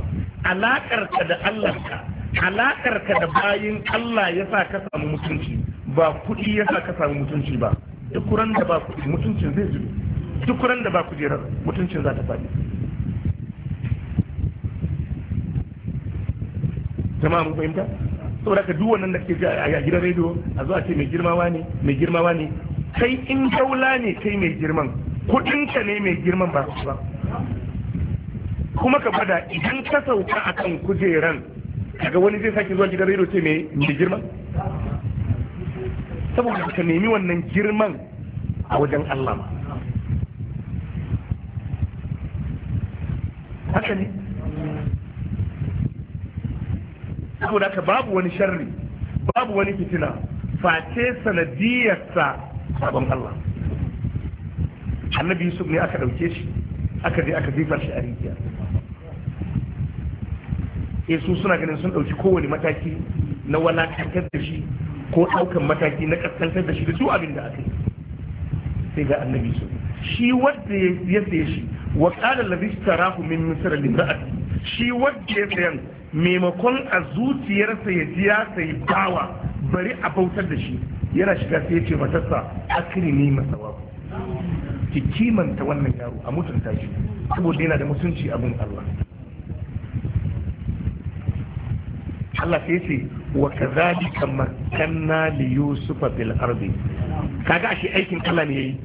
alakar ka da Allah ka alakar ka da bayin Allah ya sa ka samu mutunci ba kuɗi ya sa ka samu mutunci ba duk ran da ba kuɗi mutuncin zai zubi duk ran da ba kujerar mutuncin za ta faɗi jama'a mun fahimta saboda ka duk wannan da ke a gidan rediyo a zuwa ce mai girmawa ne mai girmawa ne kai in daula ne kai mai girman kuɗinka ne mai girman ba ba kuma ka fada idan ka sauka a kan kujeran kaga wani zai sake zuwa gidan rediyo ce mai girma saboda ka nemi wannan girman a wajen Allah ma. haka ne saboda ka babu wani sharri babu wani fitina face sanadiyarsa sabon Allah annabi Yusuf ne aka ɗauke shi aka je aka jefar shi a rijiya eh su suna ganin sun ɗauki kowane mataki na walakantar da shi ko ɗaukan mataki na ƙasƙantar da shi da su abin da aka yi sai ga annabi su shi wanda ya saye shi wa ƙada labista rahu min misar limra'at shi wanda ya sayan maimakon a zuciyarsa ya ji ya sayi bawa bari a bautar da shi yana shiga sai ya ce matarsa akrimi masawabu ki kimanta wannan yaro a mutunta shi saboda yana da mutunci abin Allah Allah sai ce wa kazalika makanna li yusufa bil ardi kaga shi aikin Allah ne yayi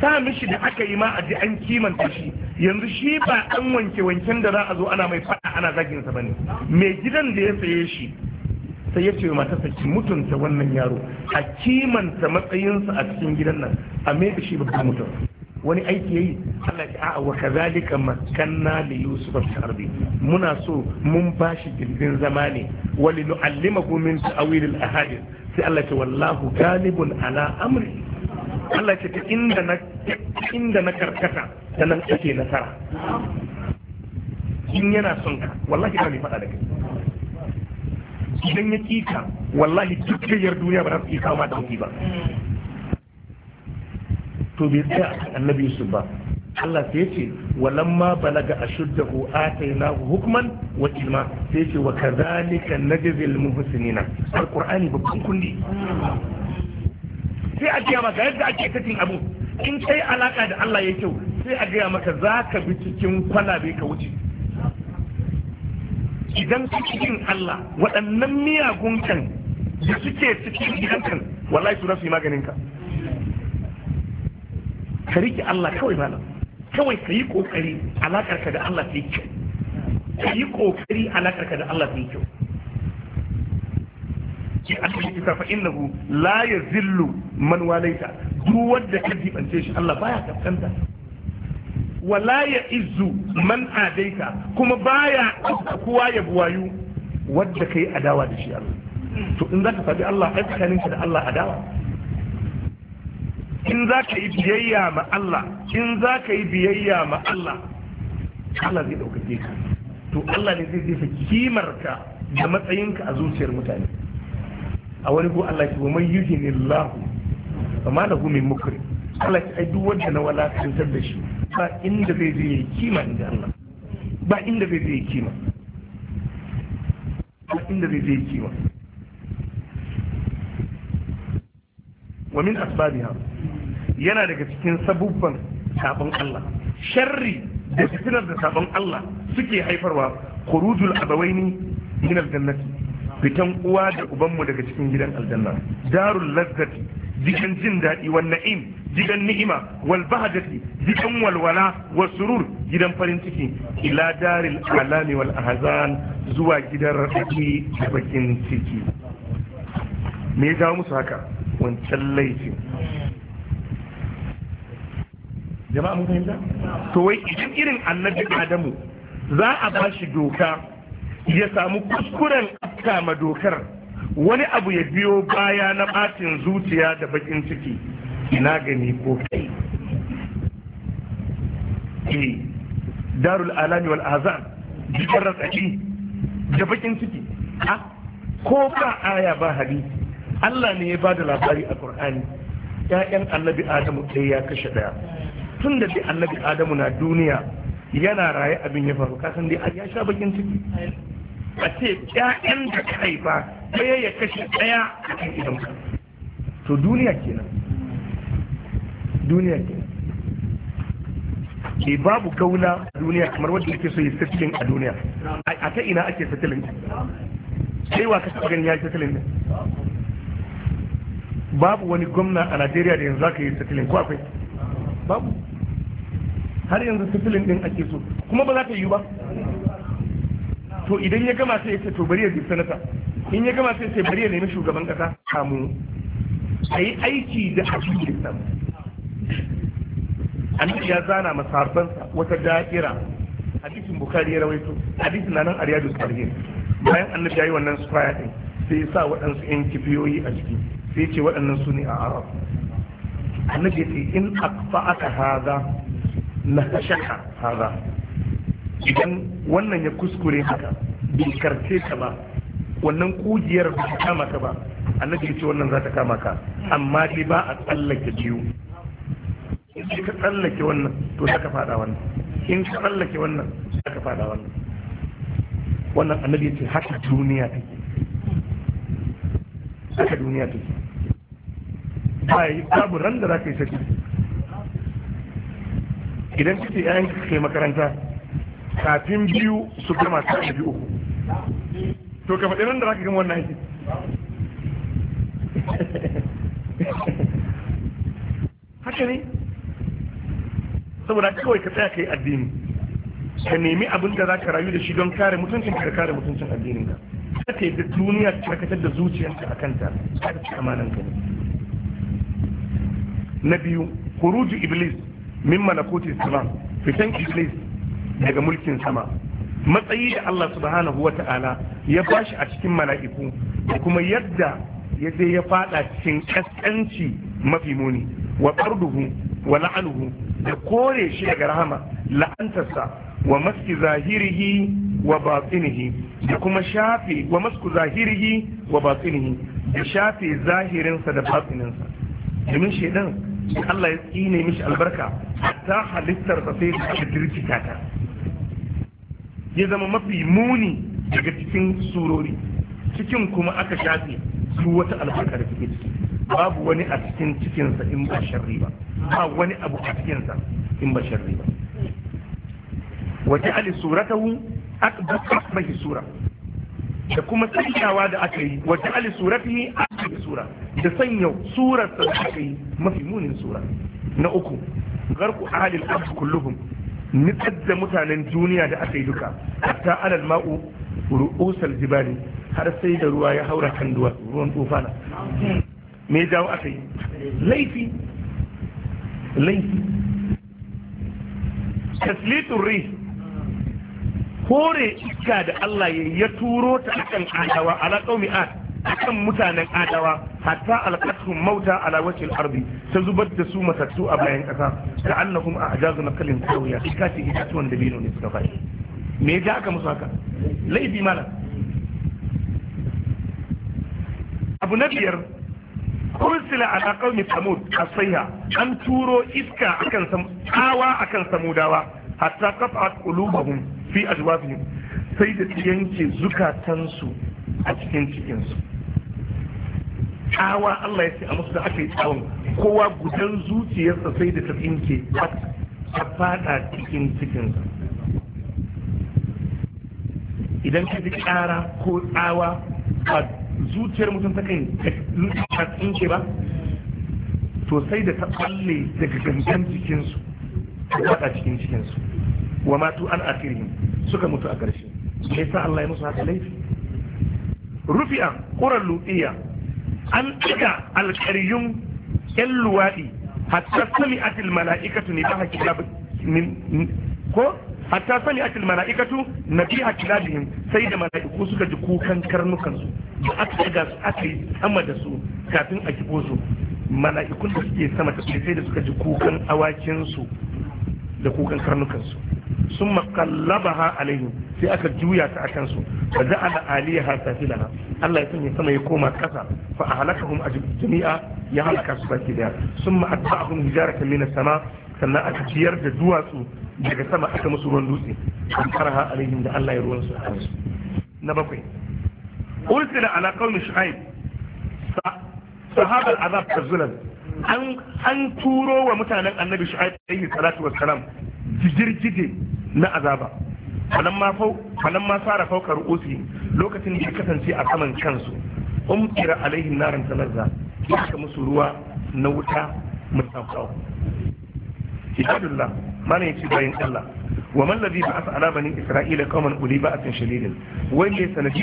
sa mishi da aka yi ma a ji an kimanta shi yanzu shi ba an wanke wanken da za a zo ana mai fada ana zagin sa bane mai gidan da ya saye shi sai ya ce wa matarsa ki mutunta wannan yaro a kimanta matsayinsa a cikin gidan nan a mai da shi babban mutum wani aiki yayi Allah ya a'a wa kazalika makanna li yusuf fil ardi muna so mun bashi gindin zama ne wali nu'allimahu min ta'wil al ahadith sai Allah ya wallahu galibun ala amri Allah ya ta inda na inda na karkata da nan ake nasara in yana son ka wallahi ba ni faɗa da kai idan ya kika wallahi duk duniya ba za su iya kawo ma da ba to bai tsaya annabi yusuf ba Allah sai ce walamma balaga ku atainahu hukman wa ilma sai ce wa kadhalika najzil muhsinina alqur'ani babban kundi sai a gaya maka yadda ake katin abu in kai alaka da Allah ya kyau sai a gaya maka za ka bi cikin kwalabe ka wuce idan ka cikin Allah waɗannan miyagun kan da suke cikin gidan kan wallahi su rasu maganin ka ka riƙe Allah kawai malam kawai ka yi ƙoƙari alaƙar da Allah ta yi kyau ka yi ƙoƙari alaƙar da Allah ta yi kyau ki alƙi ta fa innahu la yazillu man walaita duk wanda ka jibance shi Allah baya kaskanta wala ya izu man adaita kuma baya kowa ya buwayu wadda kai adawa da shi Allah to in zaka faɗi Allah ai tsakaninka da Allah adawa in za ka yi biyayya ma Allah in za ka yi biyayya ma Allah Allah zai ɗaukake ka to Allah ne zai jefa kimarka da matsayinka a zuciyar mutane a wani ko Allah ki wa man yuhini Allah fa ma lahu min mukrim Allah ki ai duk wanda na walakantar da shi ba inda zai je yi kima inda Allah ba inda zai je yi kima ba inda zai je yi kima wa min asbabiha yana daga cikin sabubban sabon Allah sharri da fitinar da sabon Allah suke haifarwa khurujul abawaini min aljannati fitan uwa da ubanmu daga cikin gidan aljanna darul lazzati jikan jin daɗi wal na'im jikan ni'ima wal bahajati jikan walwala wa surur gidan farin ciki ila daril alami wal ahzan zuwa gidan raɗaɗi da bakin ciki me ya jawo musu haka wancan laifin jama'a mun fahimta to wai idan irin annabi adamu za a ba shi doka ya samu kuskuren ma dokar wani abu ya biyo baya na batin zuciya da bakin ciki ina gani ko kai ke eh, darul alami wal azan jikin ratsaki da bakin ciki ah, ko ba aya ba hadisi Allah ne ya ba da labari a Qur'ani 'ya'yan annabi Adamu ɗaya ya kashe ɗaya tun da dai annabi Adamu na duniya yana raye abin ya faru kasan dai ya sha bakin ciki a ce ‘ya’yan da ka haifa ɗaya ya kashe ɗaya a kan idan ka. to duniya kenan duniya kenan ke babu gauna a duniya kamar wanda yake so yi settling a duniya a ta ina ake settling sai wa ka taɓa ganin ya yi settling ne babu wani gwamna a najeriya da yanzu zaka yi sifilin ko akwai babu har yanzu sifilin din ake so kuma ba za ta yi ba to idan ya gama sai ya ce to bari ya bi sanata in ya gama sai ya ce bari ya nemi shugaban kasa samu a yi aiki da abin da samu annabi ya zana masarfansa wata da'ira hadisin bukari ya rawaito hadisin na nan a riyadu salihin bayan annabi ya yi wannan square din sai ya sa waɗansu yan kifiyoyi a ciki sai ce waɗannan su ne a arab annabi ce in aka haza na hashaka haza idan wannan ya kuskure haka bai karce ka ba wannan kujiyar ba ta kama ka ba annabi ce wannan za ta kama ka amma dai ba a tsallake biyu in ka tsallake wannan to za ka fada wannan in ka tsallake wannan za ka fada wannan wannan annabi ce haka duniya take haka duniya take babu ran da za ka yi saki idan kuke yayin ka yi makaranta kafin biyu su gama ta biyu uku to ka faɗi nan da za ka gama wannan aiki haka ne saboda kawai ka tsaya ka yi addini ka nemi abin da za ka rayu da shi don kare mutuncin ka kare mutuncin addinin ka ka ta yi da duniya karkatar da zuciyarka a kanta ka ta ci amanan ka ne na biyu kuruju iblis min malakuti sama fitan iblis daga mulkin sama matsayi da Allah subhanahu wa ta'ala ya bashi a cikin mala'iku da kuma yadda ya je ya fada cikin kaskanci mafi muni wa qarduhu wa la'anuhu da kore shi daga rahama la'antarsa wa maski zahirihi wa batinihi da kuma shafe wa masku zahirihi wa batinihi da shafe zahirinsa da batininsa domin shaidan Allah ya tsine mishi albarka ta halittar ta sai da dirkita ta ya zama mafi muni daga cikin surori cikin kuma aka shafe su wata albarka da suke ciki babu wani a cikin cikinsa in ba sharri ba ba wani abu a cikinsa in ba sharri ba waje ali suratahu akbar asbahi sura da kuma tsayawa da aka yi waje ali suratihi da sura da sanya surar da aka yi mafi munin sura na uku garku ahalil abu kulluhum nitsar da mutanen duniya da aka yi duka hatta alal ma'u ru'usal jibali har sai da ruwa ya haura kan duwatsu ruwan tufana me jawo aka yi laifi laifi taslitun ri hore iska da Allah ya turo ta akan ayawa ala qaumi ad akan mutanen adawa hatta alqatuhum mauta ala wajhil ardi ta zubar da su matattu a bayan kasa ka annahum a'jazu nakalin sawiya ka ce itatuwan dabino ne suka faɗi me ya aka musu haka laifi mana abu na biyar kursila ala qaumi samud asaiha an turo iska akan tsawa akan samudawa hatta qat'at qulubuhum fi ajwafihim sai da yanke zukatansu a cikin cikinsu tsawa Allah ya ce a musu da aka yi tsawon kowa gudan zuciyarsa sai da ta tsinke ta fada cikin cikin idan ka ji kara ko tsawa ba zuciyar mutum ta kan ta ke ba to sai da ta balle daga gangan cikinsu ta fada cikin cikinsu wa matu an suka mutu a ƙarshe me yasa Allah ya musu haka laifi rufi'a ƙurar lutsiya an ɗaga alƙaryun yan luwaɗi hatta sami atil mala'ikatu ne ba ko hatta sami atil mala'ikatu na bi a kilabihim sai da mala'iku suka ji kukan karnukansu da aka daga su aka yi sama da su kafin a kibo su mala'ikun da suke sama da sai da suka ji kukan awakinsu da kukan karnukansu sun makallaba ha alaihim sai aka juya ta a kansu fa ja'ala aliyaha safilaha Allah ya sanya sama ya koma ƙasa fa a a jami'a ya halaka su baki daya summa atba'ahum hijaratan min as-sama sannan aka ciyar da duwatsu daga sama aka musu ruwan dutse an faraha alaihim da Allah ya ruwan su a kansu na bakwai ursila ala qaumi shu'aib sahabal azab kazulan an turo wa mutanen annabi shu'aib alaihi salatu wassalam jirgije na azaba falan ma fara fauka ru'usi lokacin da ya kasance a saman kansu umtira alaihim narin tanazza ya musu ruwa na wuta mai tsawo ibadullah mana yace bayin Allah wa man ladhi ba'atha ala bani isra'ila qauman uli ba'atin shadidin wai ne sanadi